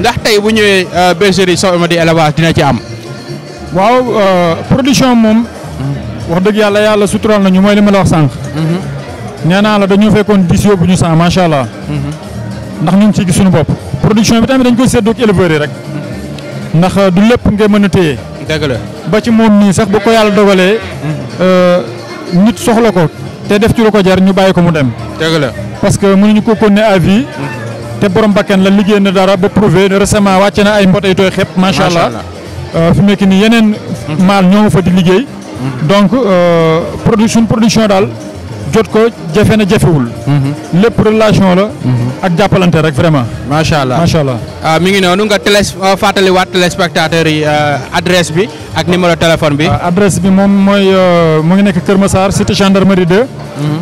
ndax tey bu ñëwee bergerie Sow di élevage dina ci am. waaw production moom. wax dëgg yàlla yàlla sutural nañu mooy li ma la wax sànq. Mhm. nee naa la dañoo fekkoon gis yóbbu ñu sànq macha allah. ndax ñu ngi ciy gis suñu bopp. production bi tamit dañ koy séddoo ak éleveurs rek. ndax du lépp nga mën a téye. dëgg ba ci moom nii sax bu ko yàlla dogalee. Euh, nit soxla ko te def ci lu ko jar ñu bàyyi ko mu dem. dëgg la parce que ñu ko continuer à vie. te borom bakkan la liggéey na dara ba prouvé récemment wàcce na ay mbotay tooy xepp. macha allah euh, fi mu nekk nii yeneen. maal ñoo fa di liggéey. Mm-hmm. donc euh, production production daal. jot ko jefewul na jafewul. Mhm. Le relation la. Mhm. ak jappalante rek vraiment. machallah machallah Ah, allah. mi ngi noonu nga télé euh, wat téléspectateur yi euh, adresse bi ak numéro téléphone bi. Ah, adresse bi mom moy euh, mu ngi nekk Kër Massar cité gendarmerie 2. Mhm.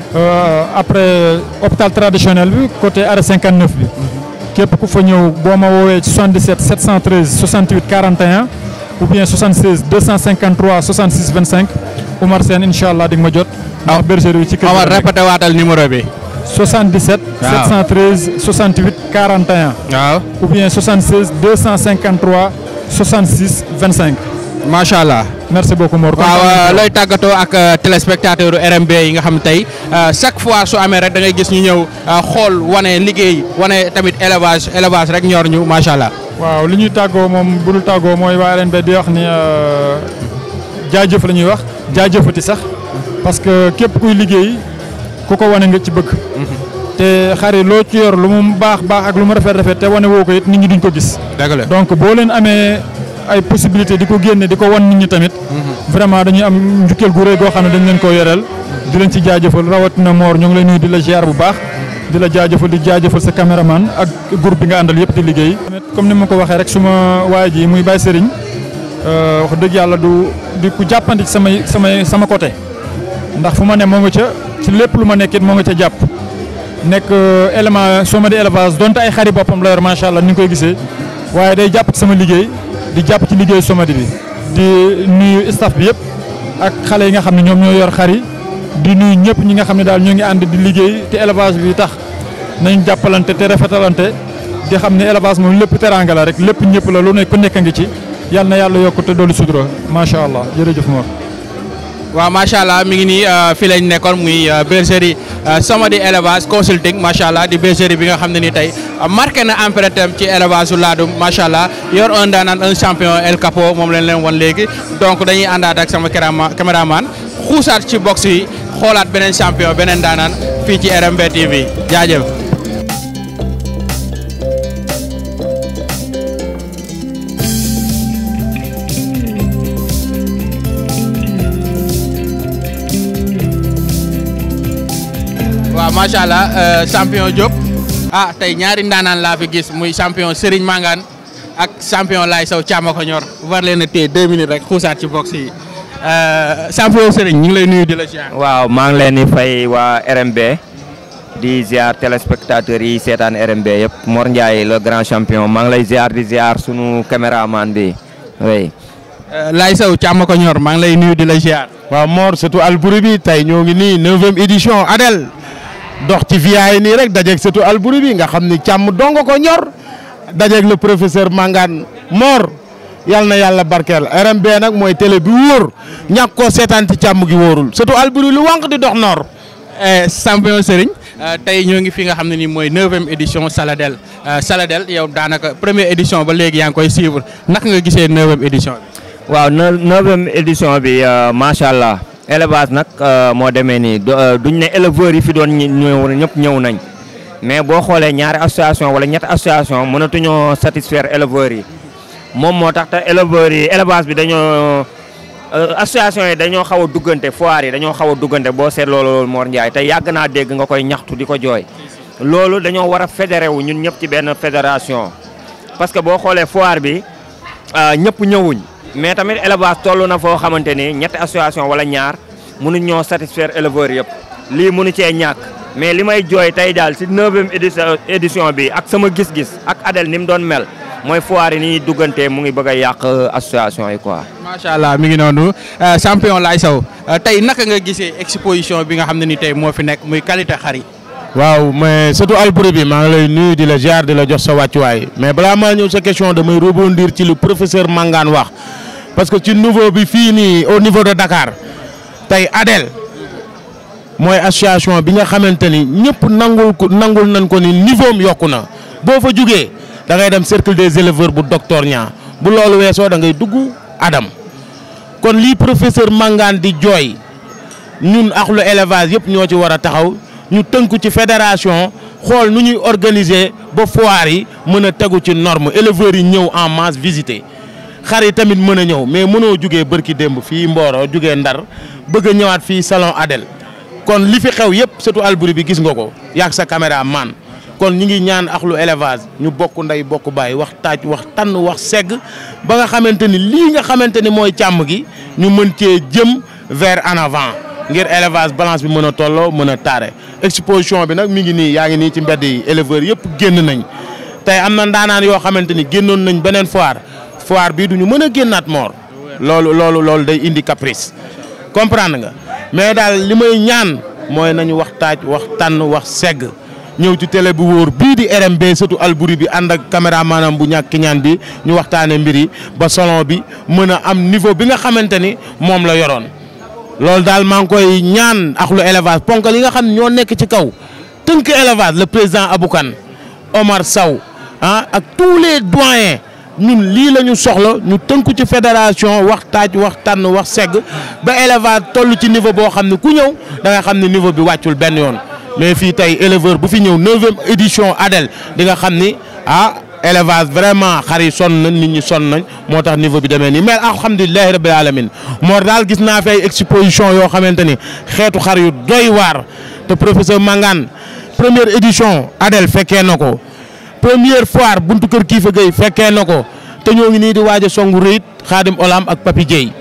après hôpital traditionnel bi côté arrêt 59 bi. képp ku fa ñëw boo ma woowee 77 713 68 41 ou bien 76 253 66 25. Oumar Sène incha allah di ma jot. ndax bergerie ci kër Omar répété waatal numéro bi. 77. waaw 713 68 41. waaw ou bien 76 253 66 25. macha allah. merce beaucoup Mor. waaw looy tàggatoo ak euh, téléspectateur RMB yi nga xam tey euh, chaque fois su amee rek da ngay gis ñu ñëw euh, xool wane liggéey wane tamit élevage élevage rek ñor ñu macha allah. waaw li ñuy tàggoo moom bu dul mooy waa RMB di wax ni. jaajëf la ñuy wax jaajëfati sax parce que képp kuy liggéey ku ko wane nga ci bëgg mhm. te xari loo ci yor lu mu baax baax ak lu mu rafet rafet te wane woo ko it nit ñi duñ ko gis donc boo leen amee ay possibilité di ko génne di ko wan nit ñi tamit mhm. vraiment dañuy am njukkeel gu rëy goo xam ne dañ leen ko yoreel di leen ci jaajëfal rawatina moor ñu ngi lay nuyu di la ziar bu baax di la jaajëfal di jaajëfal sa caméraman ak groupe bi nga àndal yëpp di liggéey comme ni ma ko waxee rek suma waay ji muy Baye Eh, wax deug yalla du di ku jappandi sama sama sama côté ndax fuma ne mo nga ca ci lepp luma ma nekkit nga ca japp nek element eh, soma di élevage donte ay xari bopam la yor sha allah ni nga koy gisee waye day japp sama liggéey di japp ci liggéey somadi bi di nuyu staff bi yëpp ak xalé yi nga xamni ñom ñoo yor xari di nuyu ñepp ñi nga xamni dal daal ñoo ngi and di liggéey te élevage bi tax nañ jappalante te rafetalante di xamni élevage mo lepp teraanga la rek lepp ñepp la lu nekk ku nekk nga ci yal na yàlla yokk te dolli sutura macha allah jërëjëf Mor. waaw macha allah mi ngi nii euh, fii lañ nekkoon muy euh, bergerie euh, Samadi élevage consulting macha allah di bergerie bi nga xam ne ni tey marqué na empreinte ci élevage su laadum macha allah yor un daanaan un champion El Capo moom lañ leen won léegi donc dañuy àndaat ak sama caméraman xuusaat ci box yi xoolaat beneen champion beneen daanaan fii ci RMB TV macha allah euh, champion Diop ah tey ñaari ndaanaan laa fi gis muy champion Serigne Mangane ak champion Laye Sow Thiam ko ñor war leen a téye deux minutes rek xuusaat ci box yi euh, champion Serigne ñu ngi lay nuyu di la ziar. waaw maa ngi leen di fay waa RMB di ziar téléspectateurs yi seetaan RMB yëpp Mor Ndiaye le grand champion maa ngi lay ziar di ziar sunu caméraman bi oui. Euh, Laye Sow Thiam ko ñor maa ngi lay nuyu di la ziar. waaw Mor surtout Albouri bi tey ñoo ngi nii neuvième édition Adel. dox ci via yi rek dajeeg setu alburu bi nga xamni cham dongo ko ñor dajeeg le professeur mangan Mor yalna yalla barkel RMB nak moy télé bi wóor ñak ko seetaan ci gi worul setu alburu lu wank di dox eh champion Serigne eh, tay ñoo ngi fi nga xamni ni moy 9e édition Saladel eh, Saladel yow danaka première édition ba légui yang koy suivre nak nga 9e édition waaw 9e édition bi euh, machallah élevage nag euh, moo demee nii euh, duñ ne éleveurs yi fi doon ñëw ñëpp ñëw nañ mais boo xoolee ñaari association wala ñetti association mënatuñoo satisfaire éleveurs yi moom moo tax te éleveurs yi élevage bi dañoo euh, association yi dañoo xaw duggante foire yi dañoo xaw a duggante boo seet loolu loolu Mor Ndiaye te yàgg naa dégg nga koy ñaxtu di ko jooy loolu dañoo war a fédéré ñun ñëpp ci benn fédération parce que boo xoolee foire bi ñëpp ñëwuñ mais tamit élevage toll na foo xamante ni ñetti association wala ñaar mënu ñoo satisfaire éleveurs yëpp lii mënu cee ñàkk mais li may jooy tey daal si neuvième édition bi ak sama gis-gis ak Adel ni mu doon mel mooy foire yi ni ñuy duggantee mu ngi bëgg a yàq euh, association yi quoi. macha allah mi ngi noonu euh, champion Laye Sow euh, tey naka nga gisee exposition bi nga xam ne ni tey moo fi nekk muy qualité xar yi. waaw mais surtout Albouri bi maa ngi lay nuyu di la ziar di la jox sa wàccuwaay mais balaa maa ñëw sa parce que tu nouveau bi fini au niveau de Dakar tay Adel moy association bi nga xamanteni ni nangul nangul nañ ko ni niveau am yokuna bo fa jugee da ngay dem cercle des éleveurs bu docteur Niang bu loolu weesoo da ngay dugg Adam kon li professeur Mangane di joy ñun akhlu élevage yëpp ñoo ci war taxaw ñu teunku ci fédération xol nu ñuy organiser bo foire yi mën a ci norme éleveurs yi ñëw en masse visiter. xar yi tamit mën a ñëw mais mënoo juggé barki demb fi Mboro juggé Ndar bëgg a ñëwaat salon Adel kon li fi xew yépp surtout alburi bi gis nga ko sa caméra man kon ñi ngi ñaan akhlu élevage ñu bokku nday bokku bay wax taaj wax tan wax ségg ba nga xamanteni li nga xamanteni moy cham gi ñu mën ci jëm vers en avant ngir élevage balance bi mën a tolloo taré exposition bi nak mi ngi ni yaa ngi nii ci mbedd yi éleveurs génn nañ tay amna yo xamanteni gennon nañ benen foire foire bii duñu mën a génnaat moor loolu loolu loolu day indi caprice comprendre nga mais daal li may ñaan mooy nañu wax taaj wax tànn wax segg ñëw ci tele bu wóor bii di RMB surtout Albouri bi ànd ak caméra maanaam bu ñàkk ñaan bi ñu waxtaanee mbir yi ba salon bi mën a am niveau bi nga xamante ni moom la yoroon. loolu daal maa ngi koy ñaan ak lu élevage ponk li nga xam ñoo nekk ci kaw tënk élevage le président Aboukan Omar Sow ah ak tous les doyens. ñun li lañu soxla ñu tënku ci fédération wax taaj wax tànn wax segg ba éleveur tollu ci niveau bo xamni ku ñëw da nga xamni niveau bi waccul ben yoon mais fi tay éleveur bu fi ñëw e édition ADEL di nga xamni ah élevage vraiment xari son sonn nañ nit ñi son nañ motax niveau bi demee ni mais alhamdulilahi rabbil alamin mo dal gis na fi ay exposition yo xamanteni xétu xari yu doy war te professeur Mangane première édition ADEL féké na première foire buntu kër kii fa gay fekkee na ko te ñoo ngi nii di waaj a songu rëyit xaadim olam ak pappi Dieye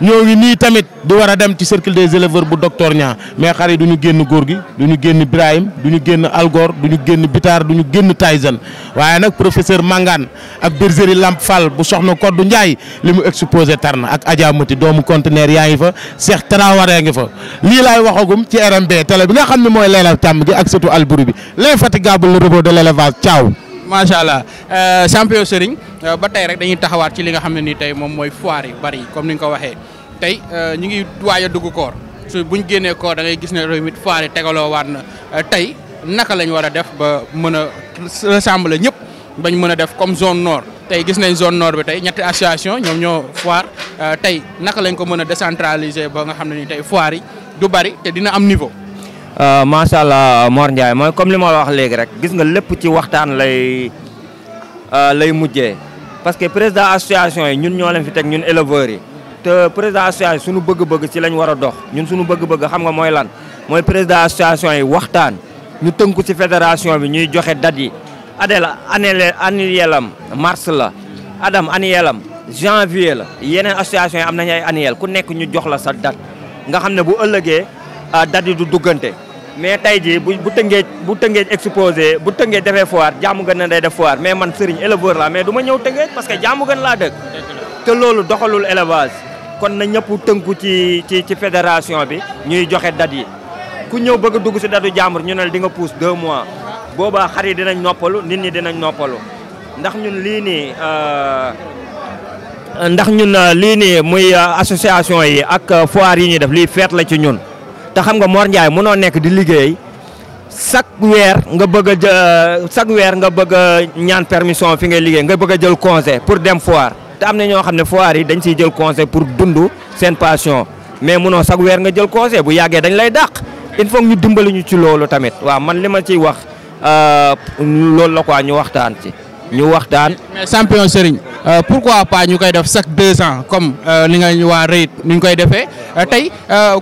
ñoo ngi nii tamit di war a dem ci cercle des éleveurs bu docteur Niang mais xar yi du ñu génn góor gi du génn Ibrahim du ñu génn Algor du ñu génn Bitar du ñu génn Tyson waaye nag professeur Mangane ak bergerie Lamp Fall bu soxna Koddu Ndiaye li mu exposé tar na ak Adja Mati doomu conteneur yaa ngi fa Cheikh Traoré ngi fa. lii laay waxagum ci RMB télé bi nga xam ne mooy leelal càmm gi ak surtout Albouri bi l'infatigable le robot de l'élevage caaw macha allah euh, champion Serigne euh, ba tey rek dañuy taxawaat ci li nga xam ne nii tey moom mooy foire yu bari yi comme ni ko waxee tey euh, ñu ngi waaj a dugg koor su buñ génnee koor da ngay gis ne tamit foire yi tegaloo waat na tey naka lañ war a def ba mën a rassembler ñëpp bañ mën a def comme zone nord tey gis nañ zone nord bi tey ñetti association ñoom ñoo foire tey naka lañ ko mën a décentraliser ba nga xam ne nii tey foire yi du bari te dina am niveau. Euh, macha allah Mor mooy comme li ma la wax léegi rek gis nga lépp ci waxtaan lay euh, lay mujjee parce que président association yi ñun ñoo leen fi teg ñun éleveurs yi te président association suñu bëgg-bëgg ci lañ war a dox ñun suñu bëgg-bëgg xam nga mooy lan mooy président association yi waxtaan ñu tënku ci fédération bi ñuy joxe date yi adel année annuelam mars la adam annuelam janvier la yeneen association yi am nañ ay annuel ku nekk ñu jox la sa date nga xam Ah, dadi du dugante mais tay ji bu bu bu tëngee exposé bu tëngee defee foire jamu gën na day def foire mais man serigne éleveur la mais duma ñew ñëw parce que jamu gën la dëkk té lolu doxalul élevage kon na ñëpp teunku ci ci ci fédération bi ñuy joxé dadi ku ñew bëgg dugg ci dadu jamur ñu neul di nga pousse 2 mois boba xari dinañ noppalu nit ñi dinañ noppalu ndax ñun li ni euh ndax ñun euh, li ni muy euh, association yi ak euh, foire yi ñi def li fête la ci ñun te xam nga Mor Ndiaye mënoo nekk di liggéey chaque weer nga bëgg a euh, chaque weer nga bëgg a ñaan permission fi ngay liggéey nga bëgg a jël congé pour dem foire te am na ñoo xam ne foire yi dañ siy jël congé pour dund seen passion mais mënoo chaque weer nga jël congé bu yàggee dañ lay dàq il faut ñu dimbali ñu ci loolu tamit waa man li ma ciy wax euh, loolu la quoi ñu waxtaan ci. ñu waxtaan. mais champion Serigne euh, pourquoi pas ñu koy def chaque deux ans comme euh, li nga ñu waa Reit ni ñu koy defee euh, tey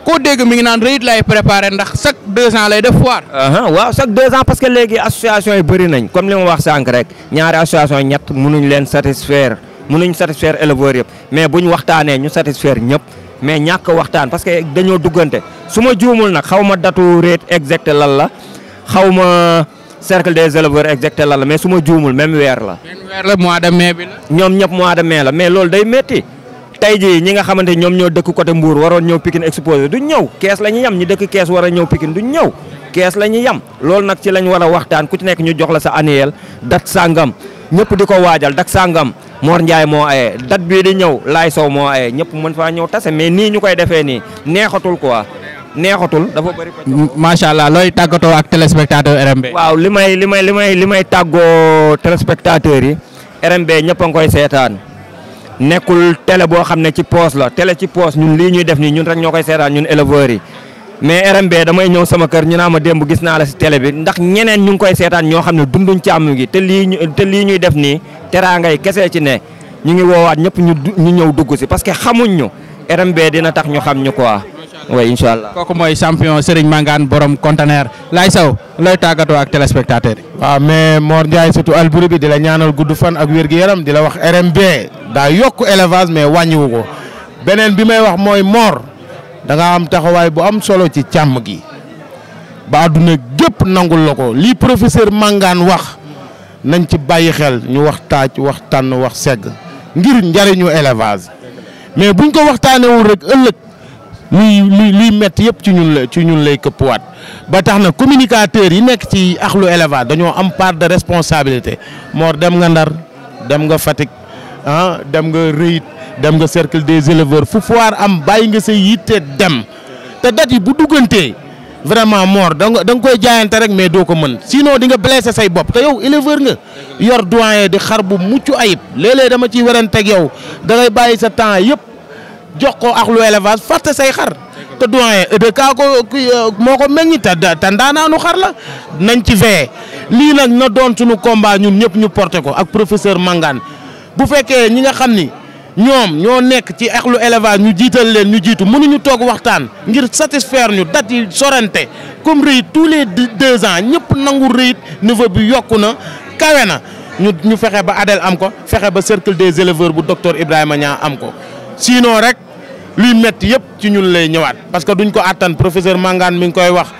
koo dégg mi ngi naan Reit lay préparé ndax chaque deux ans lay def foire. waaw chaque deux ans parce que léegi association yi bëri nañ comme li ma wax sànq rek ñaari association ñett mënuñ leen satisfaire mënuñ satisfaire éleveurs yëpp mais ñu waxtaanee ñu satisfaire ñëpp mais ñàkk waxtaan parce que dañoo duggante su ma juumul nag xaw ma datu Reit exact lan la xaw ma cercle des éleveurs exacte la mais suma djumul même wer la. même wer la mois de mai bi la. ñom ñep mois de mai la mais lool day metti tay ji ñi nga xamanteni ñom ñoo dekk côté Mbour waroon ñëw Pikine exposé du ñew kees lañu yam ñi dekk kees war a Pikine du ñew kees lañu yam lool nak ci lañu wara waxtaan ku ci nek ñu jox la sa annuel date sangam ñep diko ko dak sangam Mor ndjay mo ay date bi di ñew lay Sow mo ay ñep mën fa ñew tassé mais ni défé ni neexatul quoi. neexatul dafa bëri. macha allah looy tàggatoo ak téléspectateur RMB. waaw li may li may li may li may tàggoo téléspectateur yi. RMB ñëpp a ngi koy seetaan nekkul télé boo xam ne ci poos la télé ci poos ñun lii ñuy def nii ñun rek ñoo koy seetaan ñun éleveurs yi. mais RMB damay ñëw sama kër ñu naa ma démb gis naa la si télé bi ndax ñeneen ñu ngi koy seetaan ñoo xam ne dunduñ càmm gi te lii te lii ñuy def nii te ngay kese ci ne ñu ngi woowaat ñëpp ñu ñu ñëw dugg si parce que xamuñ ñu RMB dina tax ñu xam ñu quoi. oui inshallah koku moy champion serigne mangane borom conteneur lay saw lay tagato ak téléspectateur wa mais mor ndjay surtout albouri bi dila ñaanal guddu fan ak yaram dila wax rmb da yok élevage mais wañi wuko benen bi may wax moy mor da nga am taxaway bu am solo ci cham gi ba aduna gep nangul lako li professeur mangane wax nañ ci bayyi xel ñu wax taaj wax tan wax segg ngir njariñu élevage mais buñ ko waxtane wul rek ëlëk luy luy luy métti yëpp ci ñun la ci ñun lay këppwaat ba tax na communicateurs yi nekk ci axlu élevage dañoo am part de responsabilité Mor dem nga Ndar dem nga Fatick ah dem nga Reit dem nga cercle des éleveurs fu foire am bàyyi nga sa yitte dem te dat bu duggantee vraiment Mor da nga da nga koy jaayante rek mais doo ko mën sinon di nga blessé say bopp te yow éleveur nga yor doyen di xar bu mucc ayib léeg-léeg dama ciy werante ak yow da bàyyi sa temps yëpp. jox ko ak lu élevage fàtte say xar te doyen EDK eh ko euh, moo ko meññ te te xar la nañ ci veillé lii nag na doon suñu combat ñun ñëpp ñu porté ko ak professeur Mangane bu fekkee ñi nga xam ni ñoom ñoo nekk ci ak lu élevage ñu jiital leen ñu jiitu mënuñu toog waxtaan ngir satisfaire ñu dat yi sorante comme rëyit tous les deux ans ñëpp nangu rëyit niveau bi yokku na kawe na ñu ñu fexe ba ADEL am ko fexe ba cercle des éleveurs bu docteur Ibrahima Niang am ko sinon rek luy métti yëpp ci ñun lay ñëwaat parce que duñ ko attan professeur Mangane mi ngi koy wax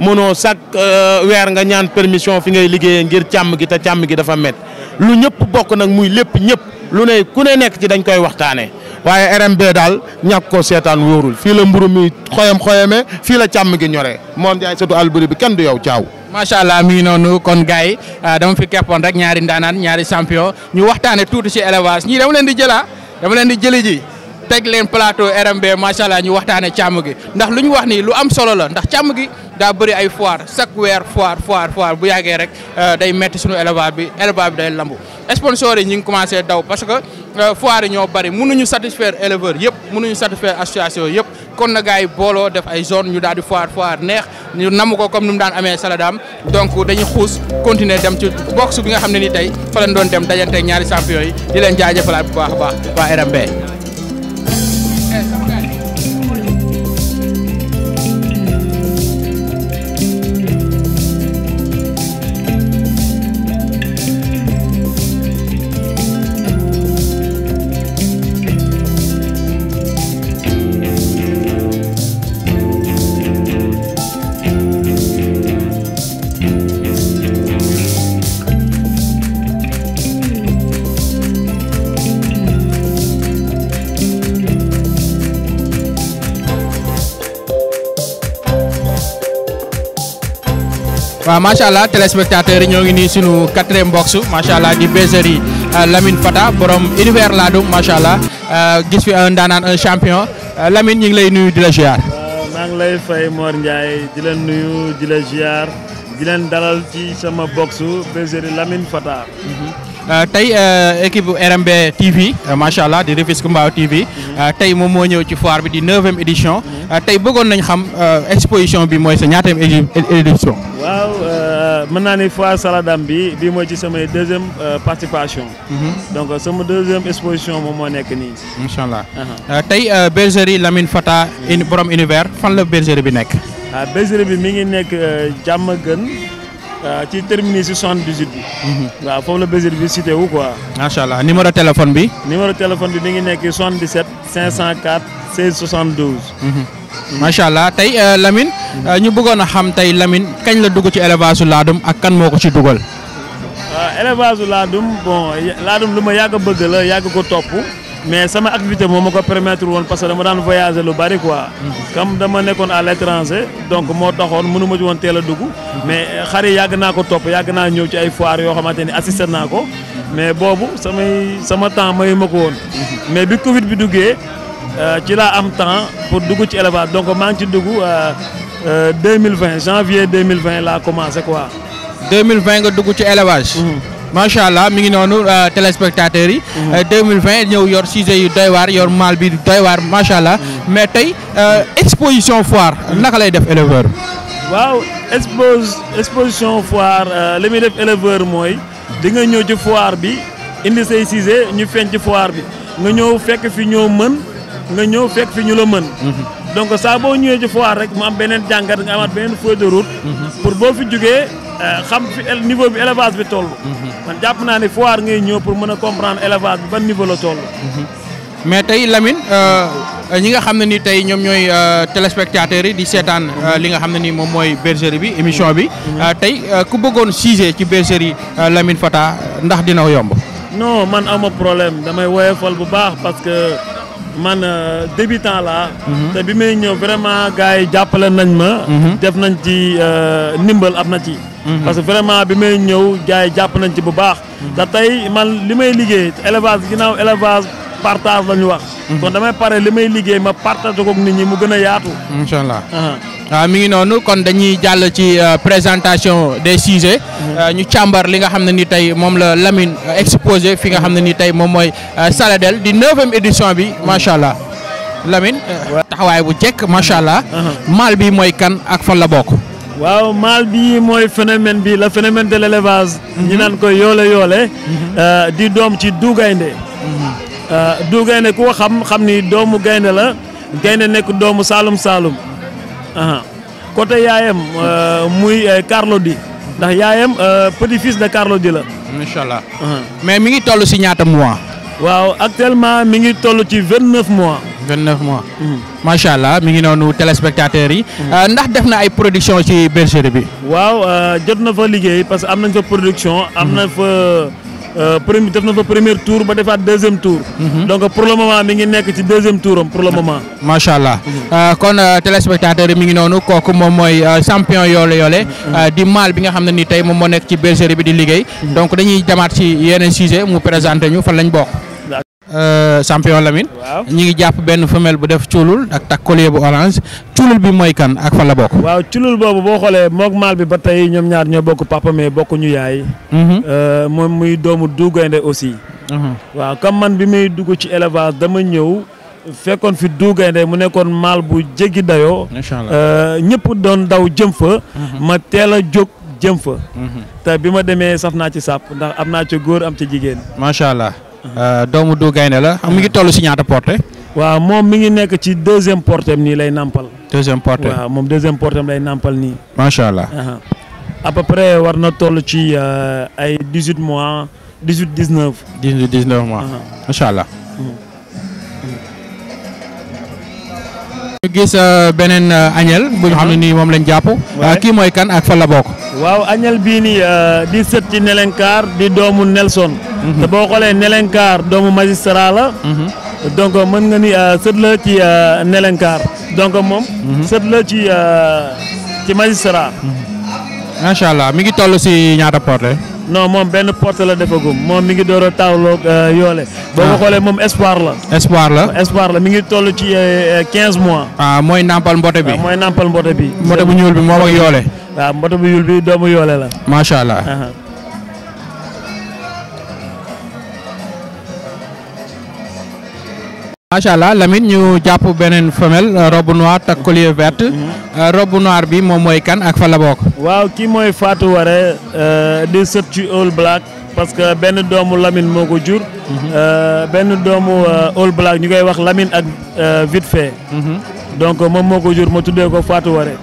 mënoo chaque euh, weer nga ñaan permission fi ngay liggéeyee ngir càmm gi te càmm gi dafa métti lu ñëpp bokk nag muy lépp ñëpp lu ne ku ne nekk ci dañ koy waxtaanee waaye RMB daal ñàkk ko seetaan wóorul fii la mburu mi xoyam xoyame fii la càmm gi ñoree moom jaay sëtu Alboury bi kenn du yow caaw. macha mi ngi kon gars yi euh, dama fi keppoon rek ñaari ndaanaan ñaari champion ñu waxtaanee tuuti ci élevage ñii dama leen di jëla ah. dama di jëli ji. teg leen plateau RMB macha allah ñu waxtaanee càmm gi ndax lu ñu wax nii lu am solo la ndax càmm gi daa bëri ay foire chaque weer foire foire foire bu yàggee rek euh, day metti suñu élevage bi élevage bi day lambu. sponsors yi ñu ngi commencé daw parce que euh, foire yi ñoo bëri mënuñu satisfaire éleveurs yëpp mënuñu satisfaire association yëpp kon na gars booloo def ay zone ñu daal di foire foire neex ñu namu ko comme ni mu daan amee Saladam donc dañuy xuus continuer dem ci box bi nga xam ne ni tey fa lañ doon dem dajanteeg ñaari champion yi di leen jaajëfalaat bu baax waaw macha allah téléspectateurs yi ñoo ngi ni sunu quatrième box macha allah di bergerie euh, Lamine Fata borom univers Ladoum macha allah euh, gis fi un daanaan un champion euh, Lamine ñu ngi lay nuyu di la ziar. maa ngi lay fay Mor Ndiaye di leen nuyu di la ziar di leen dalal ci sama box bergerie Lamine Fata. Mhm. Euh, tay euh, équipe RMB TV euh, machallah allah di Rufisque Mbao TV mhm. tay moom mo ñëw ci foire bi di 9e édition mhm. tay bëggoon nañ xam exposition bi moy sa ñaateem édition. waaw mën naa ni foire Saladam bi bi moy ci sama deuxième participation. Mhm. donc sama deuxième exposition moom mo nekk ni inshallah tay tey bergerie Lamine Fata une borom univers fan la bergerie bi nekk. ah bergerie bi mi ngi nekk jàmm gën. waaw euh, ci terminus si 78 bi. Mhm. waaw foofu la Bézir bi cité wu quoi. macha allah numéro téléphone bi. numéro téléphone bi mi ngi nekk 77 504 16 72. macha allah tey euh, Lamine. Mhm. Euh, ñu bëggoon a xam tey Lamine kañ la dugg ci élevage su laadum ak kan moo ko ci dugal. waaw élevage su laadum bon laadum lu ma yàgg a bëgg la yàgg ko topp. mais sama activité moo ma ko permettre woon parce que dama daan voyager lu bari quoi. comme dama nekkoon à l'étranger donc moo taxoon mënuma ma ci woon teel a dugg. mais xar yàgg naa ko topp yàgg naa ñëw ci ay foire yoo xamante ni assisté naa ko. mais boobu samay sama temps mayu ma ko woon. mais bi Covid bi duggee euh, ci laa am temps pour dugg ci élevage donc maa ngi ci dugg 2020 euh, euh, janvier 2020 laa commencé quoi. 2020 nga dugg ci élevage. Mhm. macha allah mi ngi noonu euh, téléspectateurs yi. 2020 mhm. euh, ñëw yor sujet yu doy waar yor maal bi doy waar macha allah. Mhm. mais tey euh, exposition foire naka lay def éleveur. waaw expose exposition foire li muy def éleveur mooy di nga ñëw ci foire bi indi say sujet ñu feeñ ci foire bi nga ñëw fekk fi ñoo mën nga ñëw fekk fi ñu la mën. Mhm. donc saa boo ñëwee ci foire rek mu am beneen jàngat nga amaat beneen feuille de route. pour boo fi jugee. Euh, xam fi niveau bi élevage bi toll. Mhm. man jàpp naa ne foire ngay ñëw pour mën a comprendre élevage bi ban niveau la toll. Mhm. mais tey Lamine euh, ñi nga xam ne ni tey ñoom ñooy euh, téléspectateurs yi di seetaan mhm. li nga xam ne ni moom mooy bergerie bi émission bi. tey ku bëggoon siisee ci bergerie lamin Fata ndax dina yomb. non man ama problème damay woyofal bu baax parce que man débutant laa. te bi may ñëw vraiment gars yi jàppale nañ ma. def nañ ci ndimbal am na ci. parce que vraiment bi may ñëw gars jàpp nañ ci bu baax. Mm-hmm. te tey man li may liggéey élevage ginnaaw élevage partage la ñu wax. Mm-hmm. kon damay pare li may liggéey ma partage kook nit ñi mu gën a yaatu. incha allah. Uh-huh. Ah, mi ngi noonu kon dañuy jàll ci euh, présentation de sujets mm-hmm. euh, ñu càmbar li nga xam ne ni tey moom la Lamine exposé fi nga xam ne ni tey moom mooy euh, Saladel di neuvième édition bi macha allah Lamine. taxawaay bu jekk macha allah. Uh-huh. mal bi mooy kan ak fan la bokk. waaw maal bi mooy phénomène bi la phénomène de l'élevage mhm. ñi naan ko yoole yoole mhm. euh, di doom ci du gaynde mhm. euh, du gaynde ku ko xam xam ni doomu gaynde la gaynde nekk doomu saalum saalum aha côté yaayam euh, muy Carlo Di ndax yaayam petit fils de Carlo Di la incha mais mi ngi toll si ñaata mois Wow, actuellement, mingi tolu ci 29 mois. 29 mois. Mm Allah, Machallah, mingi nonu téléspectateurs yi. Mm -hmm. euh, ndax def na ay production ci bergerie bi. Wow, euh jot na fa liggéey parce que production, am mhm. fa Euh, premier def na fa premier tour ba defaat deuxième tour. Mhm. donc pour le moment mi ngi nekk ci deuxième tour am pour le moment. macha allah mhm. euh, kon euh, téléspectateur mi ngi noonu kooku moom mooy champion yoole yoole mhm. di maal bi nga xam ne ni tey moom moo nekk ci bergerie bi di liggéey. donc dañuy jamaat ci yeneen sujet mu présenté ñu fan lañ bokk. Euh, champion Lamine. waaw ñu ngi jàpp benn femelle bu def cuulul ak tak collier bu orange cuulul bi mooy kan ak fan la bokk. waaw cuulul boobu boo xoolee mook maal bi ba tey ñoom ñaar ñoo bokk papa mais bokkuñu yaay. Mhm. Euh, moom muy doomu duugaynde aussi. Mhm. waaw comme man bi may dugg ci élevage dama ñëw. fekkoon fi duugaynde mu nekkoon maal bu jéggi dayoo. incha allah euh, ñëpp doon daw jëm fa. Mhm. ma teel a jóg jëm fa. te bi ma demee saf naa ci sàpp ndax am naa ci góor am ci jigéen. macha Euh, doomu du gaynde la xam ah. mi ngi toll si ñaata portée. waaw moom mi ngi nekk ci deuxième portée nii lay nampal. deuxième portée moom deuxième portée lay nampal nii. macha allah. à peu près war na toll ci euh, ay dix huit mois dix huit dix neuf. dix huit dix neuf mois macha allah. gis euh, beneen euh, añel bu xam ne mhm. nii moom lañ jàpp. Euh, kii mooy kan ak fan la bokk. waaw añel bii nii di sët ci Nelenkaar di doomu Nelson. Mhm. te boo xoolee Nelenkaar doomu magistrat la. Mhm. donc mën nga ni sët la ci Nelenkaar donc moom. sët la ci ci magistrat. macha allah mi ngi toll si ñaata porte non moom benn porte la defagum moom mi ngi door a taawloo euh, yoole. boo ko ah. xoolee moom espoir la. espoir la espoir la mi ngi toll ci euh, euh, quinze mois. ah mooy nàmpal mbote bi. Ah, mooy nampal mbote bi. mbote bu ñuul bi moo ak yoole. waaw mbote bu ñuul bi doomu yoole la. macha allah. macha allah Lamine ñu jàpp beneen femelle euh, robe noire tak collier vert. Mhm. Euh, robe noire bi moom mooy kan ak fa la waaw kii mooy Fatou Waré euh, di sët ci All Black parce que benn doomu Lamine moo ko jur. Mhm. benn doomu All Black ñu koy wax lamin ak vite fait. Mhm. donc moom moo ko jur ma tuddee ko Fatou Waré.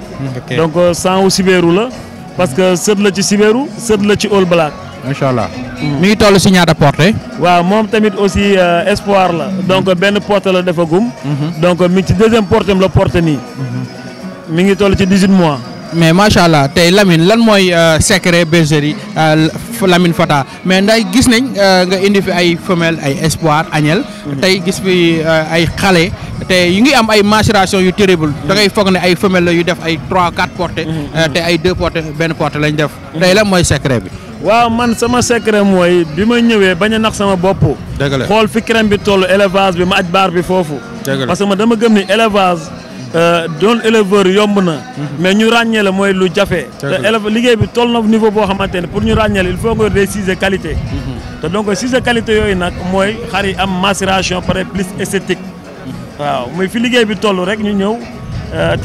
donc sang wu la parce que sët la ci Sibéeru sët la ci All Black. macha allah. Mm. mi ngi toll si ñaata portée. waaw moom tamit aussi euh, espoir la. donc benn portée la dafa gum. Mm-hmm. donc mi ci deuxième portée la portée nii. Mm-hmm. mi ngi toll ci 18 mois. mais macha allah tey Lamine lan mooy euh, secret bergerie euh, Lamine Fata mais nday gis nañ nga indi fi ay femelle ay espoir agnelle. Mm-hmm. tey gis fi ay xale. te yu ngi am ay macération yu terrible. da ngay foog ne ay femelle la yu def ay 3 4 portées. te ay 2 portées benn portée lañ def. tey lan mooy secret bi. waaw man sama secret moy bima ma baña nax sama bopp. xol fi crème bi tollu élevage bi ma parce que ma dama gëm ni élevage. Euh, éleveur mhm. mais ñu ragné la moy niveau pour ñu il faut des qualité. Mhm. donc qualité plus esthétique. Mhm. waaw fi bi rek ñu ñëw euh,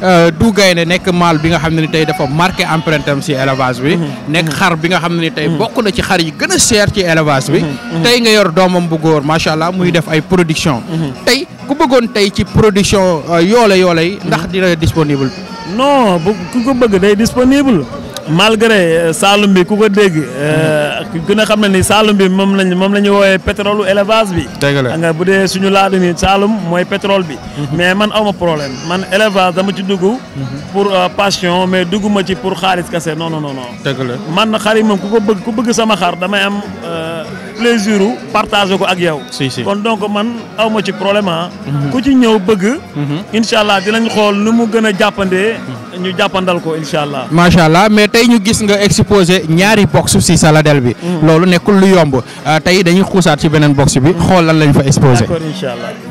Euh, du gaynde nekk maal bi nga xam ne ni tey dafa marqué empreinte am si élevage bi mhm. nekk mhm. xar bi nga xam ne ni tey mhm. bokk na ci xar yi gën a seer ci élevage bi tey nga yor doomam bu góor macha allah muy def ay production tey ku bëggoon tey ci production yoola euh, yoole yi ndax dina disponible non bu ku ko bëgg day disponible malgré euh, Saalum bi ku ko dégg. Euh, gën a xam na ni Saalum bi moom lañ moom la ñu woowee pétrole élevage bi. nga bu dee suñu laaj ni Saalum mooy pétrole bi. Mhm. mais man awma problème man élevage dama ci dugg. Mhm. pour euh, passion mais dugguma ci pour xaalis kese noonu non non. man xar yi moom ku ko bëgg ku bëgg sama xar damay am plaisir u partager ko ak yow. kon donc man awma ci problème ah. mhm. ku ci ñëw bëgg. incha allah dinañ xool nu mu gën a jàppandee. ñu jàppandal ko incha allah. macha allah mais tey ñu gis nga exposé ñaari box si Saladel bi. Mm. loolu nekkul lu yomb ah, tey dañuy xuusaat ci beneen box bi. xool lan lañ fa exposé. d'accord incha allah.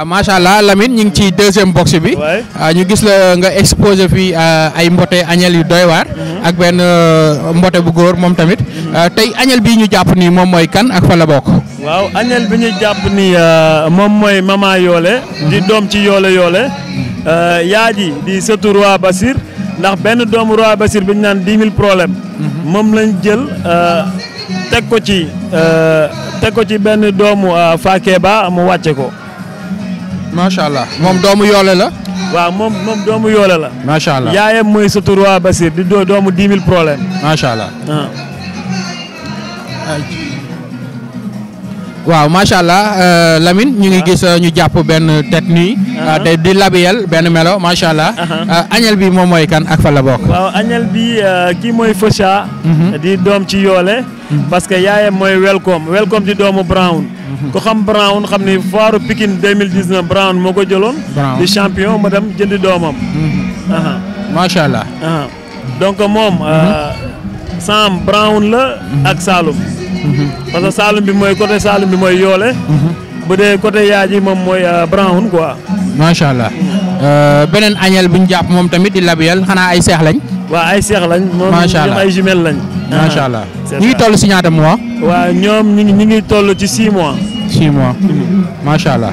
Ah, macha allah Lamine ñu ngi ci deuxième box bi. Ah, ñu gis la nga exposé fi ah, ay mbote añel yu doy waar. Mhm. ak benn euh, mbote bu góor moom tamit. Mhm. tey añel bi ñu jàpp nii moom mooy kan ak fa waaw añel bi ñu jàpp ni euh, moom mooy mama yoole di mhm. doom ci yoole yoole euh, yaa ji di sëtu roi Basir ndax benn doomu roi Basir bi ñu naan 10 000 problème moom lañ jël teg ko ci teg ko ci benn doomu Fakeba mu wàcce ko. macha allah moom doomu yoole la. waaw moom moom doomu yoole la. macha allah yaayam mooy sa tur waa Basir di doomu 10 000 problème. macha allah. Ah. waaw macha allah euh, lamin ñu ngi gis euh, ñu jàpp benn tête nue. te uh-huh. euh, di labiyel benn melo macha allah. Uh-huh. añel bi moom mooy kan ak fa la bokk. waaw añel bi kii mooy Foucha. Mm-hmm. di doom ci yoole. Mm-hmm. parce que yaayam mooy welcome welcome di doomu Brown. Mm-hmm. ku xam Brown xam ni foire Pikine 2019 Brown moo ko jëloon. di champion ma dem jëndi doomam. Uh-huh. macha allah. donc moom. Sam Brown la. ak Saloum. Mhm. parce que Saalum bi mooy côté Saalum bi mooy yoole mhm. bu dee côté yaay ji moom mooy euh, brown quoi. macha allah euh, beneen añel bu ñu jàpp moom tamit di labiyel xanaa ay seex lañ. waaw ay seex lañ. macha allah moom ay jumel lañ. macha ah, allah ñu ngi toll si ñaata mois. ñoom ñu ñu ngi toll ci 6 mois. 6 mois macha allah.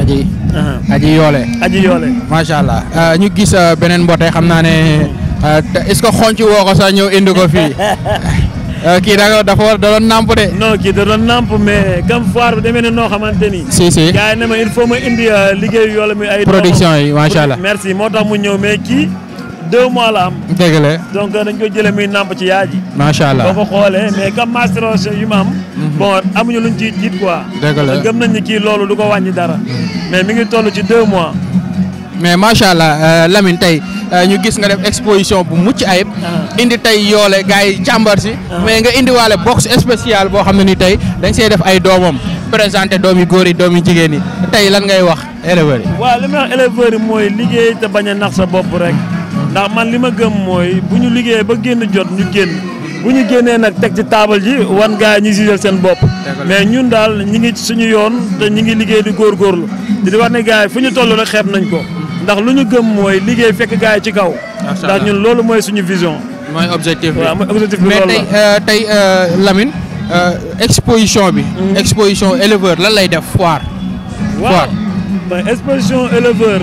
aji uh-huh. aji yoole aji yoole macha allah uh, ñu gis uh, beneen mboote xam naa ne uh, est-ce que xonc woo ko sax ñëw indi ko fii kii da dafa war da doon namp de non kii da doon namp mais gam foire bi demee ne noo ni si si gars ne ma il faut ma indi liggéeyu yoole mi ay production yi macha allah merci moo tax mu ñëw mais kii deux mois la am. dëgg la dañ ko jëlee muy nàmp ci yaay ji. macha allah boo ko xoolee mais comme masteros yu ma am. Mhm. bon amuñu luñ ciy jiit quoi. dëgg la nañ ni kii loolu du ko wàññi dara. mais mi ngi toll ci deux mois. mais macha allah euh, lamin tey euh, ñu gis nga def exposition bu mucc ay ah. indi tey yoole gars yi càmbar si. Ah. mais nga indiwaale box spécial boo xam ne ni tey dañ see def ay doomam présenté doomi góor yi doomi jigéen yi tey lan ngay wax éleveurs yi. waaw li may wax mooy liggéey te bañ sa bopp rek. ndax man li ma gëm mooy bu ñu liggéeyee ba génn jot ñu génn bu ñu génnee nag teg ci taabal ji wan gaa yi ñu si seen bopp. mais ñun daal ñi ngi suñu yoon te ñi ngi liggéey di góorgóorlu di wax ne gaa fu ñu toll rek xeeb nañ ko ndax lu ñu gëm mooy liggéey fekk gaa ci kaw. ndax ñun loolu mooy suñu vision. mooy objectif bi waaw mooy objectif bi loolu la mais tey euh, tey euh, Lamine. Euh, exposition bi. Mm-hmm. exposition éleveur lan lay def foire. foire waaw exposition éleveur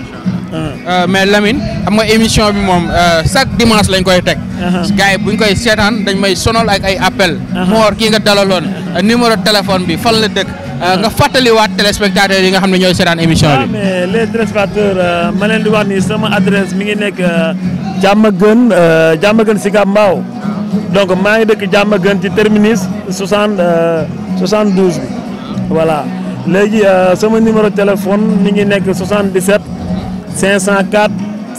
Euh, mais Lamine xam nga émission bi moom euh, chaque dimanche lañ koy teg. Uh-huh. gars yi buñ koy seetaan dañ may sonal ak ay appel uh-huh. Mor kii nga dalaloon uh-huh. numéro téléphone bi fan la dëkk. Euh, nga fàttaliwaat téléspectateurs yi nga xam ne ñooy seetaan émission bi. Ah, mais les téléspectateurs ma leen di wax ni sama adresse mi ngi nekk Diamaguène si Sicap Mbao donc maa ngi dëkk gën ci terminus soixante soixante douze bi voilà léegi sama numéro téléphone mi ngi nekk 77. 504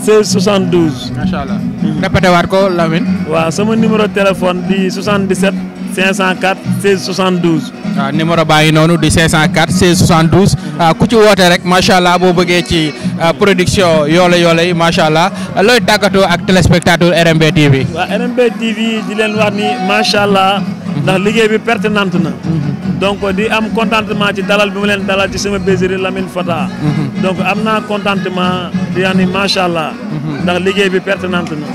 16 72. macha allah. répété waat ko Lamine. waaw sama numéro téléphone di 77 504 16 72. waaw numéro baa ngi noonu di 504 16 72 ku ci woote rek macha allah boo bëggee ci ah, production yoole yoole yi macha allah looy tàggatoo ak téléspectateur RMB TV. waaw RMB TV di leen wax ni macha allah. ndax liggéey bi pertinente na. Mhm. donc di am contentement ci dalal bi mu leen dalal ci sama bergerie Lamine Fata. Mhm. donc am naa contentement di yaa macha allah. Mhm. ndax liggéey bi pertinente na.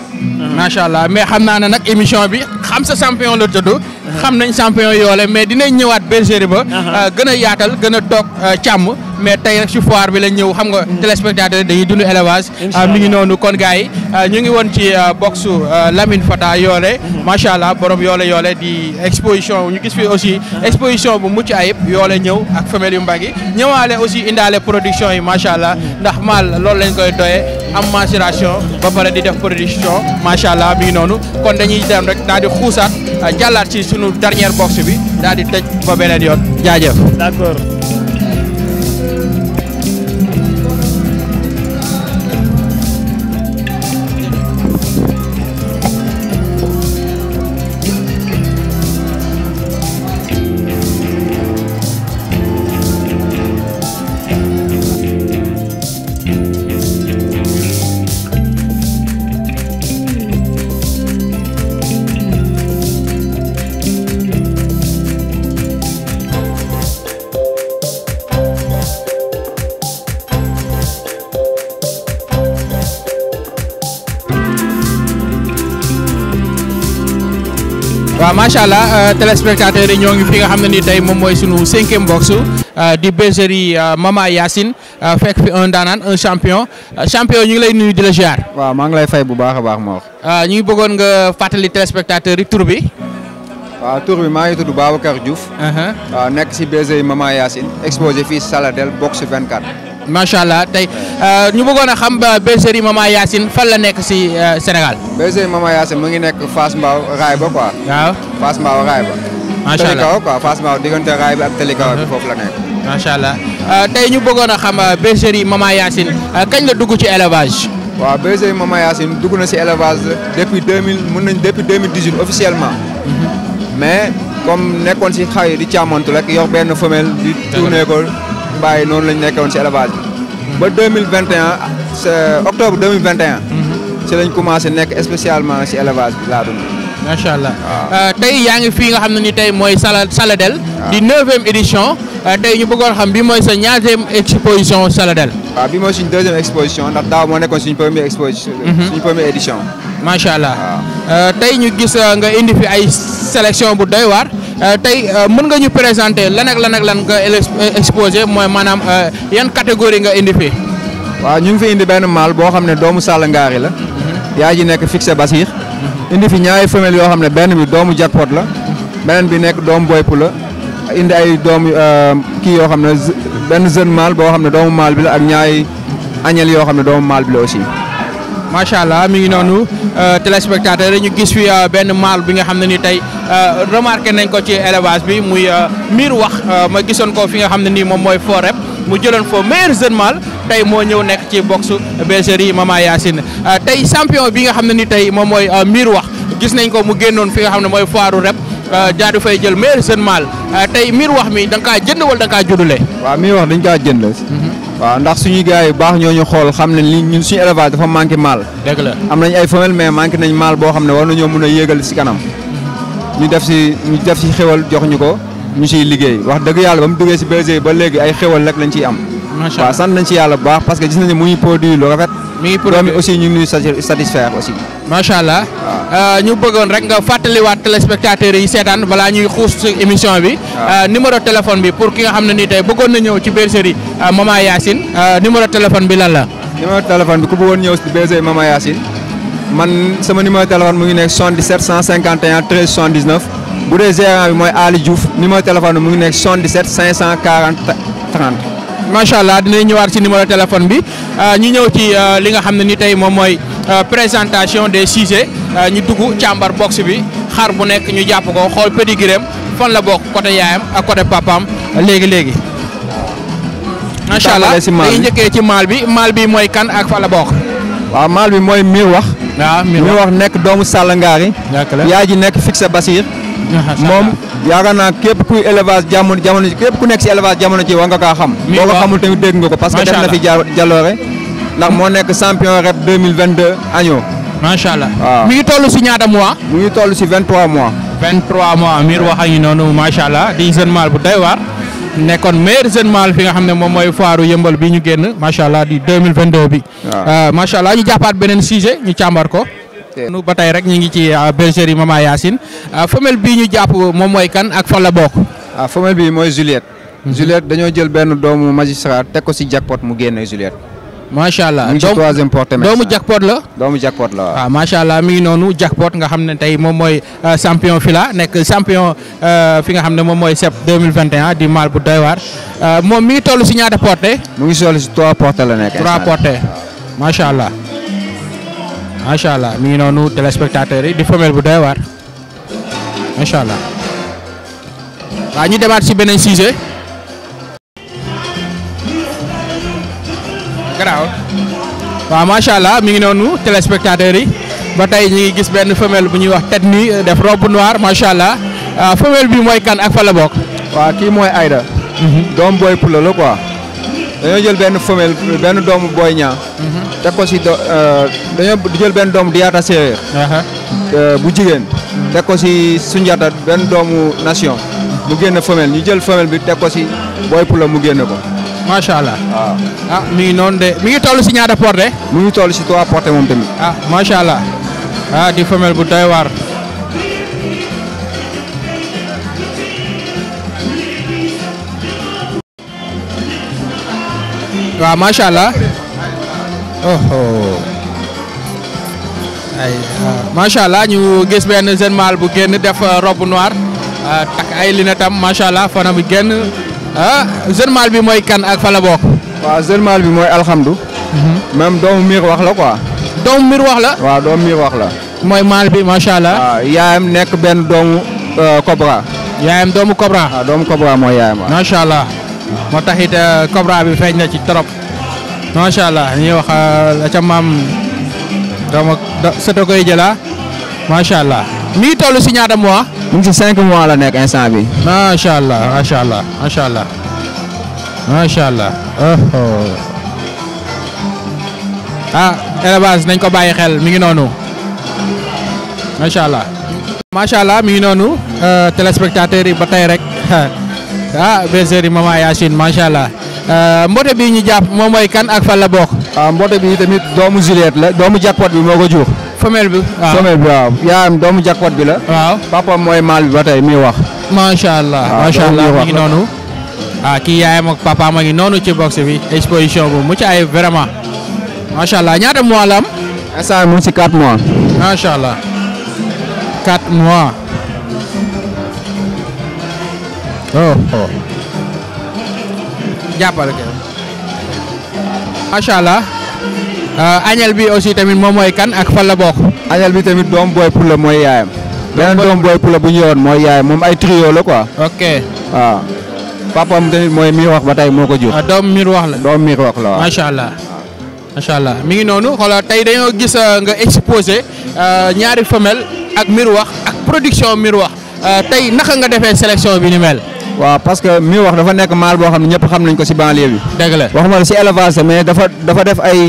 macha allah mais xam naa ne nag émission bi xam sa champion la tudd. xam nañ champion yoole mais dinañ ñëwaat bergerie ba. Euh, gën a yaatal gën a toog euh, càmm. mais tey rek ci foire bi lañ ñëw xam nga. Hmm. téléspectateur dañuy dund élevage. Ah, mi ngi noonu kon gars yi euh, ñu ngi woon ci boxu Lamine Fata yoole. Hmm. macha allah borom yoole yoole di exposition ñu gis fi aussi. Hmm. exposition bu mucc ayib yoole ñëw ak femelle yu mbagi ñëwaale aussi indaale production yi macha allah ndax maal loolu lañ koy doyee. am mensuration ba pare di def production macha allah mi ngi noonu kon dañuy dem rek daa di xuusaat jàllaat ci sunu dernière box bi daal di tëj ba beneen yoon jaajëf. d'accord. waaw macha allah euh, téléspectateurs yi ñoo ngi fi nga xam ne ni tey moom mooy sunu cinquième box euh, di bergerie euh, Mama Yacine fekk fi un daanaan un champion champion ñu ngi lay nuyu di la ziar. waaw maa ngi lay fay bu baax a baax ma wax. ñu ngi bëggoon nga fàttali téléspectateurs yi tur bi. waaw tur bi maa ngi tudd Babacar Diouf. Uh-huh. waaw nekk si bergerie Mama Yacine exposé fii Saladel box 24. macha allah tey euh, ñu bëggoon a xam bergerie Mama Yacine fan la nekk si euh, Sénégal. bergerie Mama Yacine mu ngi nekk Fass Mbao raay ba quoi. waaw Fass Mbao raay ba. macha allah uh-huh. la macha allah euh, tey ñu bëggoon a xam bergerie Mama Yacine kañ la dugg ci élevage. waaw bergerie Mama Yacine dugg na si élevage depuis deux mille mun nañ depuis deux mille dix huit officiellement. Uh-huh. mais comme nekkoon si xar yi di càmmantu rek yor benn femelle di tourné ko. mbaay noonu la ñu nekkoon si élevage bi. ba deux mille vingt et un sa octobre deux mille vingt et commencé nekk spécialement si élevage bi laa dund. macha allah euh, tey yaa ngi fii nga xam ne ni tey mooy sala Saladel. di neuvième édition. Euh, tey ñu bëggoon xam bi mooy sa ñaareem exposition Saladel. waaw bi mooy suñ deuxième exposition ndax daaw moo nekkoon suñ première exposition. Mhm. suñ première édition. macha allah euh, tey ñu gis nga indi fi ay sélection bu doy waar. Euh, tey euh, mën nga ñu présenter lan ak lan ak euh, exposé mooy maanaam yan catégorie nga indi fi waaw ñu ngi fi indi benn maal boo xam ne doomu Sàllangaari la. Mhm. yaa ji nekk fixe Basir. Mhm. indi fi ñaari femelles yoo xam ne benn bi doomu jackpot la. beneen bi nekk doomu boypu la. indi ay doomu kii yoo xam ne benn jeune mâle boo xam ne doomu mâle bi la ak ñaari añel yoo xam ne doomu mâle bi la aussi. macha allah mi ngi noonu euh, téléspectateur yi ñu gis fi euh, benn maal bi nga xam ne ni tey euh, remarqué nañ ko ci élevage bi muy miir wax ma gisoon ko fi nga xam ne nii moom mooy foo rep mu jëloon foo meilleur jeune mâle tey moo ñëw nekk ci boxu bergerie Mama Yacine tey champion bi nga xam ne ni tey moom mooy miir wax gis nañ ko mu génnoon fi nga xam ne mooy foiru rep jaadu fay jël meilleur jeune mâle tey miir wax mi da kaa jënd wala da nga kaa juddulee. waaw miir wax dañ kaa jënd. Mhm. waaw ndax suñuy gars yi baax ñoo ñu xool xam ne li ñun suñu élevage dafa manqué maal. dëgg la am nañ ay femelles mais manqué nañ maal boo xam ne war nañoo mën a yéegal si kanam. ñu def si ñu def si xéwal jox ñu ko ñu siy liggéey wax dëgg yàlla ba mu duggee si bergerie ba léegi ay xéwal rek lañ ciy am. macha allah waaw sant nañ ci yàlla bu baax parce que gis nañu ne mu ngi produit lu rafet mi ngi produire aussi ñu ngi nuyu satisfaire aussi. macha allah euh, ñu bëggoon rek nga fàttaliwaat téléspectateurs yi seetaan balaa ñuy xuus ci émission bi. Euh, numéro téléphone bi pour ki nga xam ne nii tey bëggoon na ñëw ci bergerie euh, Mama Yacine numéro téléphone bi lan la. numéro téléphone bi ku bëggoon ñëw ci bergerie Mama Yacine man sama numéro téléphone mu ngi nekk 77 151 13 79 bu dee gérant bi mooy Ali Diouf numéro téléphone bi mu ngi nekk 77 540 30. macha allah dinañ ñëwaat ci numéro téléphone bi euh, ñu ñëw ci euh, li nga xam ne ni tey moom mooy euh, présentation des sujets ñu dugg càmbar box bi xar bu nekk ñu jàpp ko xool pédigrém fan la bokk côté yaayam ak côté papaam léegi léegi. macha allah dañuy njëkkee ci maal bi maal bi mooy kan ak fan la bokk. waaw maal bi mooy miir wax. waaw ah, miir wax nekk doomu Sàllangaari. yaay ji nekk sa Basir. moom yaakaar naa képp kuy élevage jamono jamono képp ku nekk si élevage jamono ci war nga ka xam boo ko xamul tamit dégg nga ko parce que def na fi jaloore ndax moo nekk champion rep 2022 agneau macha allah waaw ngi toll si ñaata mois mu ngi toll si 23 mois 23 mois miir wax a ngi noonu macha allah di jeune mâle bu doy waar nekkoon meilleur jeune mâle fi nga xam ne moom mooy foiru yëmbal bi ñu génn macha allah di 2022 bi euh, macha allah ñu jàppaat beneen sujet ñu càmbar ko nu ba rek ñu ngi ci euh, bergerie Mama Yacine euh, femelle bi ñu jàpp moom mooy kan ak fan la bokk. ah femelle bi mooy Juliette. Mhm. Juliette dañoo jël benn doomu magistrat teg ko si jackpot mu génne Juliette. macha allah troisième porte doomu jackpot la. domu jackpot la waaw. Ah, macha mi ngi jackpot nga xam ne tey moom mooy euh, champion fi la nekk champion fi nga xam ne moom mooy 2021 di mal bu doy waar moom mi ngi toll si ñaata porte mu ngi toll si trois porte la nekk. trois porte macha allah. macha allah mi ngi noonu téléspectateurs yi di femelle bu doy waar macha allah waaw ñu demaat si beneen sujet. waaw macha mi ngi noonu téléspectateurs yi ba tey ñu ngi gis benn femelle bu ñuy wax tête nue euh, def robe noire macha allah euh, femelle bi mooy kan ak fa la bokk. waaw mooy Aïda. Mhm. doom booy pula la quoi. dañu jël benn femelle benn doomu Boy Niang. Mhm. teg ko si dañu euh, dañoo jël benn doomu Diatta Séeréer. Euh, bu jigéen. Mhm. teg ko si Sunjata benn doomu Nation. Mhm. mu génn femelle ñu jël femelle bi teg ko si Boy Pula mu génn ko. macha allah. ah mi non noonu de mi ngi toll si ñaata portée. mi ngi toll si trois portées moom tamit. ah macha allah ah di femelle bu doy waar. waaw macha allah oh ah, macha allah ñu gis benn jeune mâle bu génn def ah, robe noire ah, takk ay linetam macha allah fana bi génn ah jeune bi mooy kan ak fa la bokk. waaw jeune mâle bi mooy alhamdu. Mhm. même doomu miir wax la ko doomu miir wax la. waaw doomu wax la. mooy mâle bi macha allah. waaw yaayam nekk benn doomu euh, Cobra. yaayam doomu Cobra. waaw doomu mooy yaayam waaw. macha allah. moo tax it Cobra bi feeñ na ci trop macha allah ñuy wax la ca maam dama sëto koy jëla macha allah. mi ngi ci si ñaata mois. mu ngi si mois la nek instant bi. macha allah macha allah macha allah macha allah. ah élevage nañ ko bàyyi xel mi ngi noonu macha allah. macha allah mi ngi nonu euh téléspectateurs yi ba tay rek. ah yi Mama Yacine macha allah euh, mboote bi ñu jàpp moom mooy kan ak fan la bokk. Ah, mboote bi tamit doomu Juliette la doomu jackpot bi moo ko jur. femelle bi waaw yaayam doomu jackpot bi la. waaw mooy maal bi ba tey mi wax. macha allah ah, macha allah mi ngi noonu. ah kii yaayam ak papaam a noonu ci box bi exposition bu mu ci ay vraiment macha allah ñaata mois la am. instant mu si 4 mois. macha allah 4 mois. oh. jàppale ko allah. Euh, añel bi aussi tamit moom mooy kan ak fan la bokk. añel bi tamit doom booy pula mooy yaayam. beneen doom booy pula bu ñu yoon mooy yaayam moom ay trio la ok waaw. tamit mooy miir wax ba tey moo ko jur. Ah, doom miir wax la doom miir wax la waaw macha allah. macha mi ngi noonu xoolal tey dañoo gis euh, nga exposé euh, ñaari femelle ak miir wax ak production miir wax tey naka nga defee sélection bi ni mel. waaw parce que mi wax dafa nekk maal boo xam ne ñëpp xam nañ ko si banlieue bi. dëgg la waxuma la si élevage mais dafa dafa def ay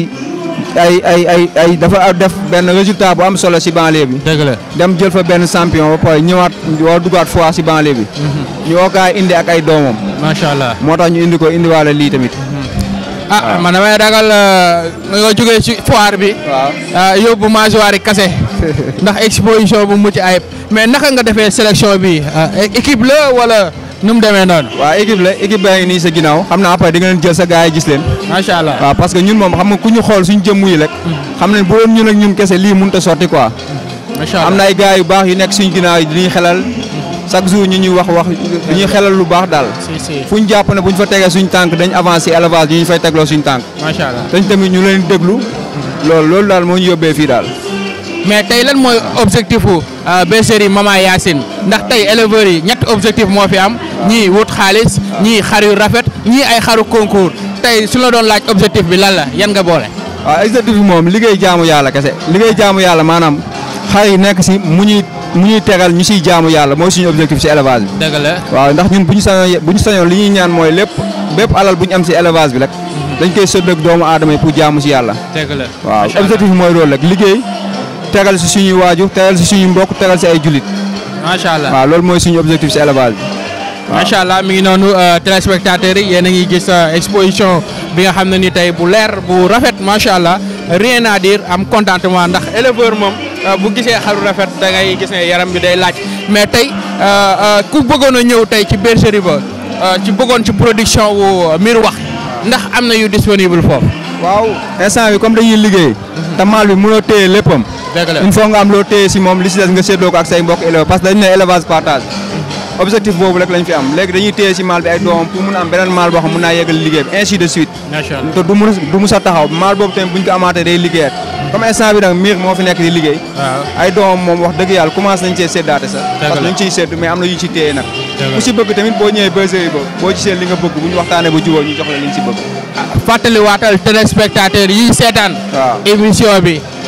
ay ay ay ay dafa def benn résultat bu am solo si banlieue bi. dëgg dem jël fa benn champion ba pare ñëwaat woo dugaat fois si banlieue bi. Mhm. ñu woo kaa indi ak ay doomam. macha allah moo tax ñu indi ko indiwaale lii tamit. Mhm. ah man damay ragal euh, nga jógee ci foire bi. waaw ah, yóbbu masuwaari kase. ndax exposition bu mucc ayib mais naka nga defee sélection bi ah, équipe la wala. nu mu demee noonu. waaw équipe la équipe baa ngi nii sa ginnaaw xam naa après di nga leen jël sa gars yi gis leen. macha allah ñun moom xam nga ku ñu xool suñu jëmm yi rek. xam ne bu doon ñun ñun kese lii mënut a sotti quoi. am na ay gars yu baax yu nekk suñu ginnaaw yi dañuy xelal chaque jour ñu ñuy wax wax dañuy xelal lu baax daal. fu ñu jàpp ne bu ñu fa tegee suñu tànk dañ avancé élevage yi ñu fay tegloo suñu tànk. macha allah dañ tamit ñu leen déglu. loolu loolu daal moo ñu yóbbee fii daal mais tey lan mooy objectif u euh, bergerie Mama Yacine tey éleveurs yi ñetti objectif moo fi am ñii wut xaalis ñii xar yu rafet ñii ay xaru concours tey su la doon laaj objectif bi lan la yan nga boole. waaw objectif bi moom liggéey jaamu yàlla kese liggéey jaamu yàlla maanaam xar yi nekk si mu ñuy mu ñuy tegal ñu siy jaamu yàlla mooy suñu objectif si élevage bi. dëgg la waaw ndax ñun bu ñu sañoon bu ñu sañoon li ñuy ñaan mooy lépp bépp alal bu am si élevage bi rek. Mhm. dañ koy sëddëg doomu aadama yi pour jaamu si yàlla. dëgg la waaw objectif bi liggéey tegal si suñuy waaju tegal si mbokk tegal si ay julit macha allah loolu mooy suñu objectif si élevage bi. macha allah mi ngi noonu euh, téléspectateurs yi yéen a ngi gis euh, exposition bi nga xam ne ni tey bu leer bu rafet macha allah rien à dire am contentement ndax éleveur moom euh, bu gisee xaru rafet da ngay gis ne yaram bi day laaj mais tey ku bëggoon a ñëw tey ci bergerie ba ci bëggoon ci production wu miir wax ndax am na yu disponible foofu. waaw instant bi comme dañuy liggéey. te maal bi mënoo téye léppam. il nga am loo téye si moom li si des nga séddoo ko ak say mbokk élevage partage objectif boobu rek lañ fi am léegi dañuy téye si maal bi ay doomam pour mun am beneen maal boo xam mun naa yeggal liggéey bi ainsi du mus du taxaw maal boobu tamit buñ ko amaatee day liggéeyat comme nañ cee séddaate sax parce que ñu ciy sédd mais am na yu ci téye nag ku si bëgg tamit boo ñëwee bergerie ba boo gisee li nga bëgg bu ñu waxtaanee ba jubóo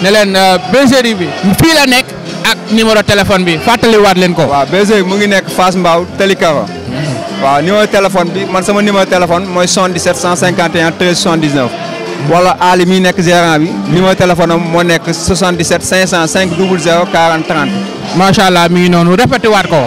ne leen euh, bergerie bi fii la nekk ak numéro téléphone bi fàttaliwaat leen ko. waaw mu ngi nekk Fass Mbao Tali Kaba. Hmm. waaw numéro téléphone bi man sama numéro téléphone mooy 77 151 13 79. wala Ali mi nekk gérant bi numéro téléphone am moo nekk 77 505 00 40 30. macha allah mi ngi noonu répété waat ko.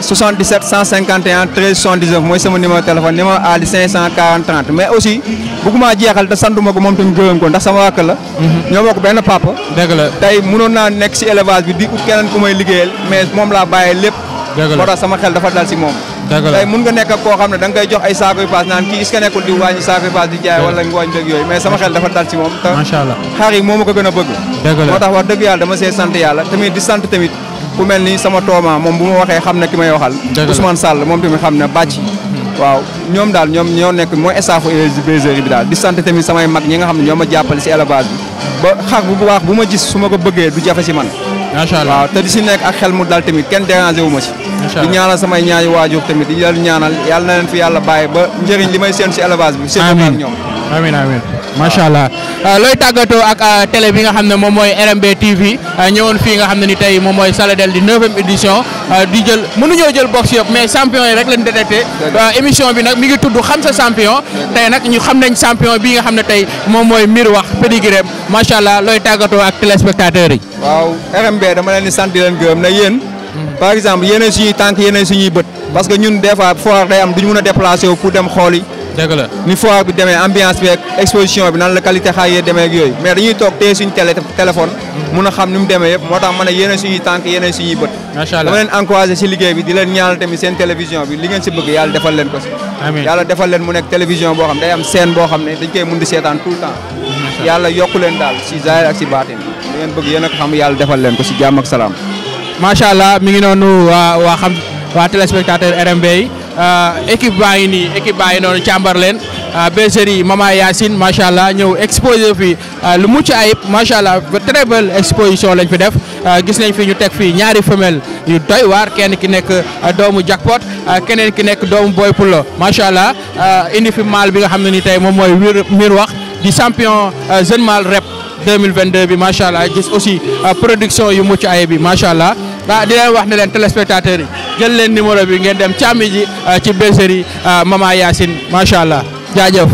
77 151 13 79 mooy sama numéro téléphone numéro Ali 540 30 mais aussi bëgguma jeexal te santuma ko moom tamit gërëm ko ndax sama rakk la. Mhm. ñoo bokk benn papa. dëgg la tey mënoon naa nekk si élevage bi di ut keneen ku may liggéeyal mais moom laa bàyyee lépp. dëgg la moo dafa dal si moom. tey mun nga nekk ak koo xam ne da nga koy jox ay saako yu paas naan kii est-ce que nekkul di wàññi saako yu paas di jaay wala ngooñ dëgg yooyu mais sama xel dafa dal ci moom te macha ko gën a bëgg moo tax wax dëgg yàlla dama see sant yàlla tamit di sant tamit ku mel ni sama tooma moom bu ma waxee xam ne ki may waxal Ousmane Sall moom tamit xam ne bàcc hmm. waaw ñoom daal ñoom ñoo nekk mooy staffu bergerie bi daal di sant tamit samay mag ñi nga xam ne ñoo ma jàppale si élevage bi ba xar bu baax bu ma gis su ma ko bëggee du jafe si man macha allah waaw te di xel mu dal tamit kenn dérangé wu ma si di ñaanal samay ñaari waajur tamit di leen ñaanal yàlla na leen fi yàlla bàyyi ba njëriñ li may seen si élevage bi. amiin ak ñoom amiin amiin allah. Euh, looy tàggatoo ak euh, télé bi nga xam ne moom mooy RMB TV euh, ñëwoon fii nga xam ne ni tey moom mooy Saladel di neuvième édition di jël mënuñoo jël box yëpp mais champion yi rek lañ détecté émission bi nag mi ngi tudd xam sa champion tey nag ñu xam nañ champion bii nga xam ne tey moom mooy mbir wax pédigrém macha allah looy tàggatoo ak téléspectateurs par exemple yeneen suñuy tank yeneen suñuy beut parce que ñun des fois foire day am duñu mëna déplacer déplacé wu pour dem xool yi dëgg la ni foire bi demee ambiance bi exposition bi nan la qualité xaar yee ak yoy mais dañuy tok té suñu télé téléphone mëna xam ni mu demee yëpp moo tax yeneen suñuy tank yeneen suñuy beut machallah allah dama leen encourager ci liggéey bi di leen ñaanal tamit seen télévision bi li ngeen ci bëgg yalla défal leen ko ci amin yalla défal leen mu nek télévision bo xam day am scène bo xam ne dañ koy mun sétan tout le temps yalla yokku leen daal ci zaahir ak si baatin li ngeen bëgg yéen ak xam yalla défal leen ko ci jamm ak salam macha allah mi ngi noonu waa waa xam waa téléspectateur RMB yi euh, équipe baa ngi nii équipe baa noonu càmbar leen euh, bergerie Mama Yacine macha allah ñëw exposé fi euh, lu mucc ayib macha allah très belle exposition lañ fi def gis nañ fi ñu teg fii ñaari femelle yu doy waar kenn ki nekk doomu jackpot keneen ki nekk doomu boy pulo macha allah indi fi maal bi nga xam ne ni tey moom mooy wir mir wax di sampion jeune mâle rep 2022 bi macha allah gis aussi production yu mucc ayib bi macha allah ah di leen wax ne leen téléspectateurs yi jël leen numéro bi ngeen dem càmmi ji euh, ci bergerie euh, Mama Yacine macha allah jaajëf.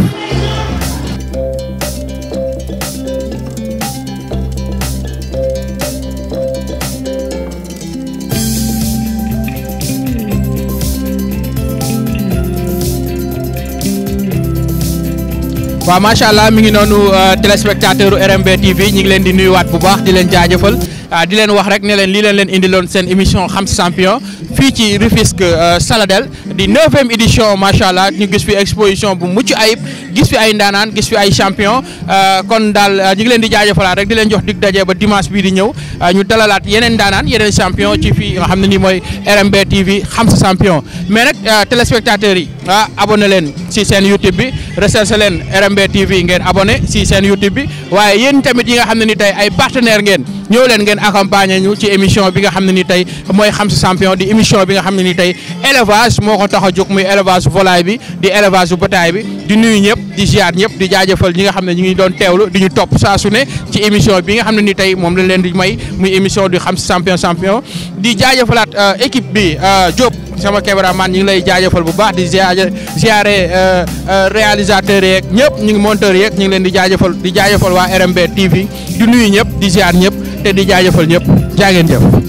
waaw macha allah mi ngi noonu euh, téléspectateur RMB TV ñu ngi leen di nuyuwaat bu baax di leen jaajëfal Ah, di leen wax rek ne leen lii leen leen indiloon seen émission xam sa champion fii ci Rufisque euh, Saladel di neuvième édition macha allah ñu gis fi exposition bu mucc ayib gis fi ay ndaanaan gis fi ay champion euh, kon daal euh, ñu ngi leen di jaajëfalaat rek di leen jox dig daje ba dimanche bii di ñëw ñu dalalaat yeneen ndaanaan yeneen champion ci fii nga xam ne nii mooy RMB TV xam sa champion mais nag téléspectateurs yi. ah abonné leen si seen YouTube bi recherche leen RMB TV ngeen abonné si seen YouTube bi waaye yéen tamit yi nga xam ne ni tey ay partenaire ngeen ñëw leen ngeen accompagner ñu ci émission bi nga xam ne ni tey mooy xam sa champion di émission bi nga xam ne ni tey élevage moo ko tax a jóg muy élevage volaille bi di élevage bétail bi di nuyu ñëpp di ziar ñëpp di jaajëfal ñi nga xam ne ñu ngi doon teewlu di ñu topp saa su ci émission bi nga xam ne ni tey moom lañ leen di may muy émission di xam sa champion champion sama cameraman ñu ngi lay jaajëfal bu baax di ziare ziare euh, euh, réalisateur yeeg ñëpp ñu ngi monteur yeeg ñu ngi leen di jaajëfal di jaajëfal waa RMB TV di nuyu ñëpp di ziar ñëpp te di jaajëfal ñëpp jaa ngeen jëf.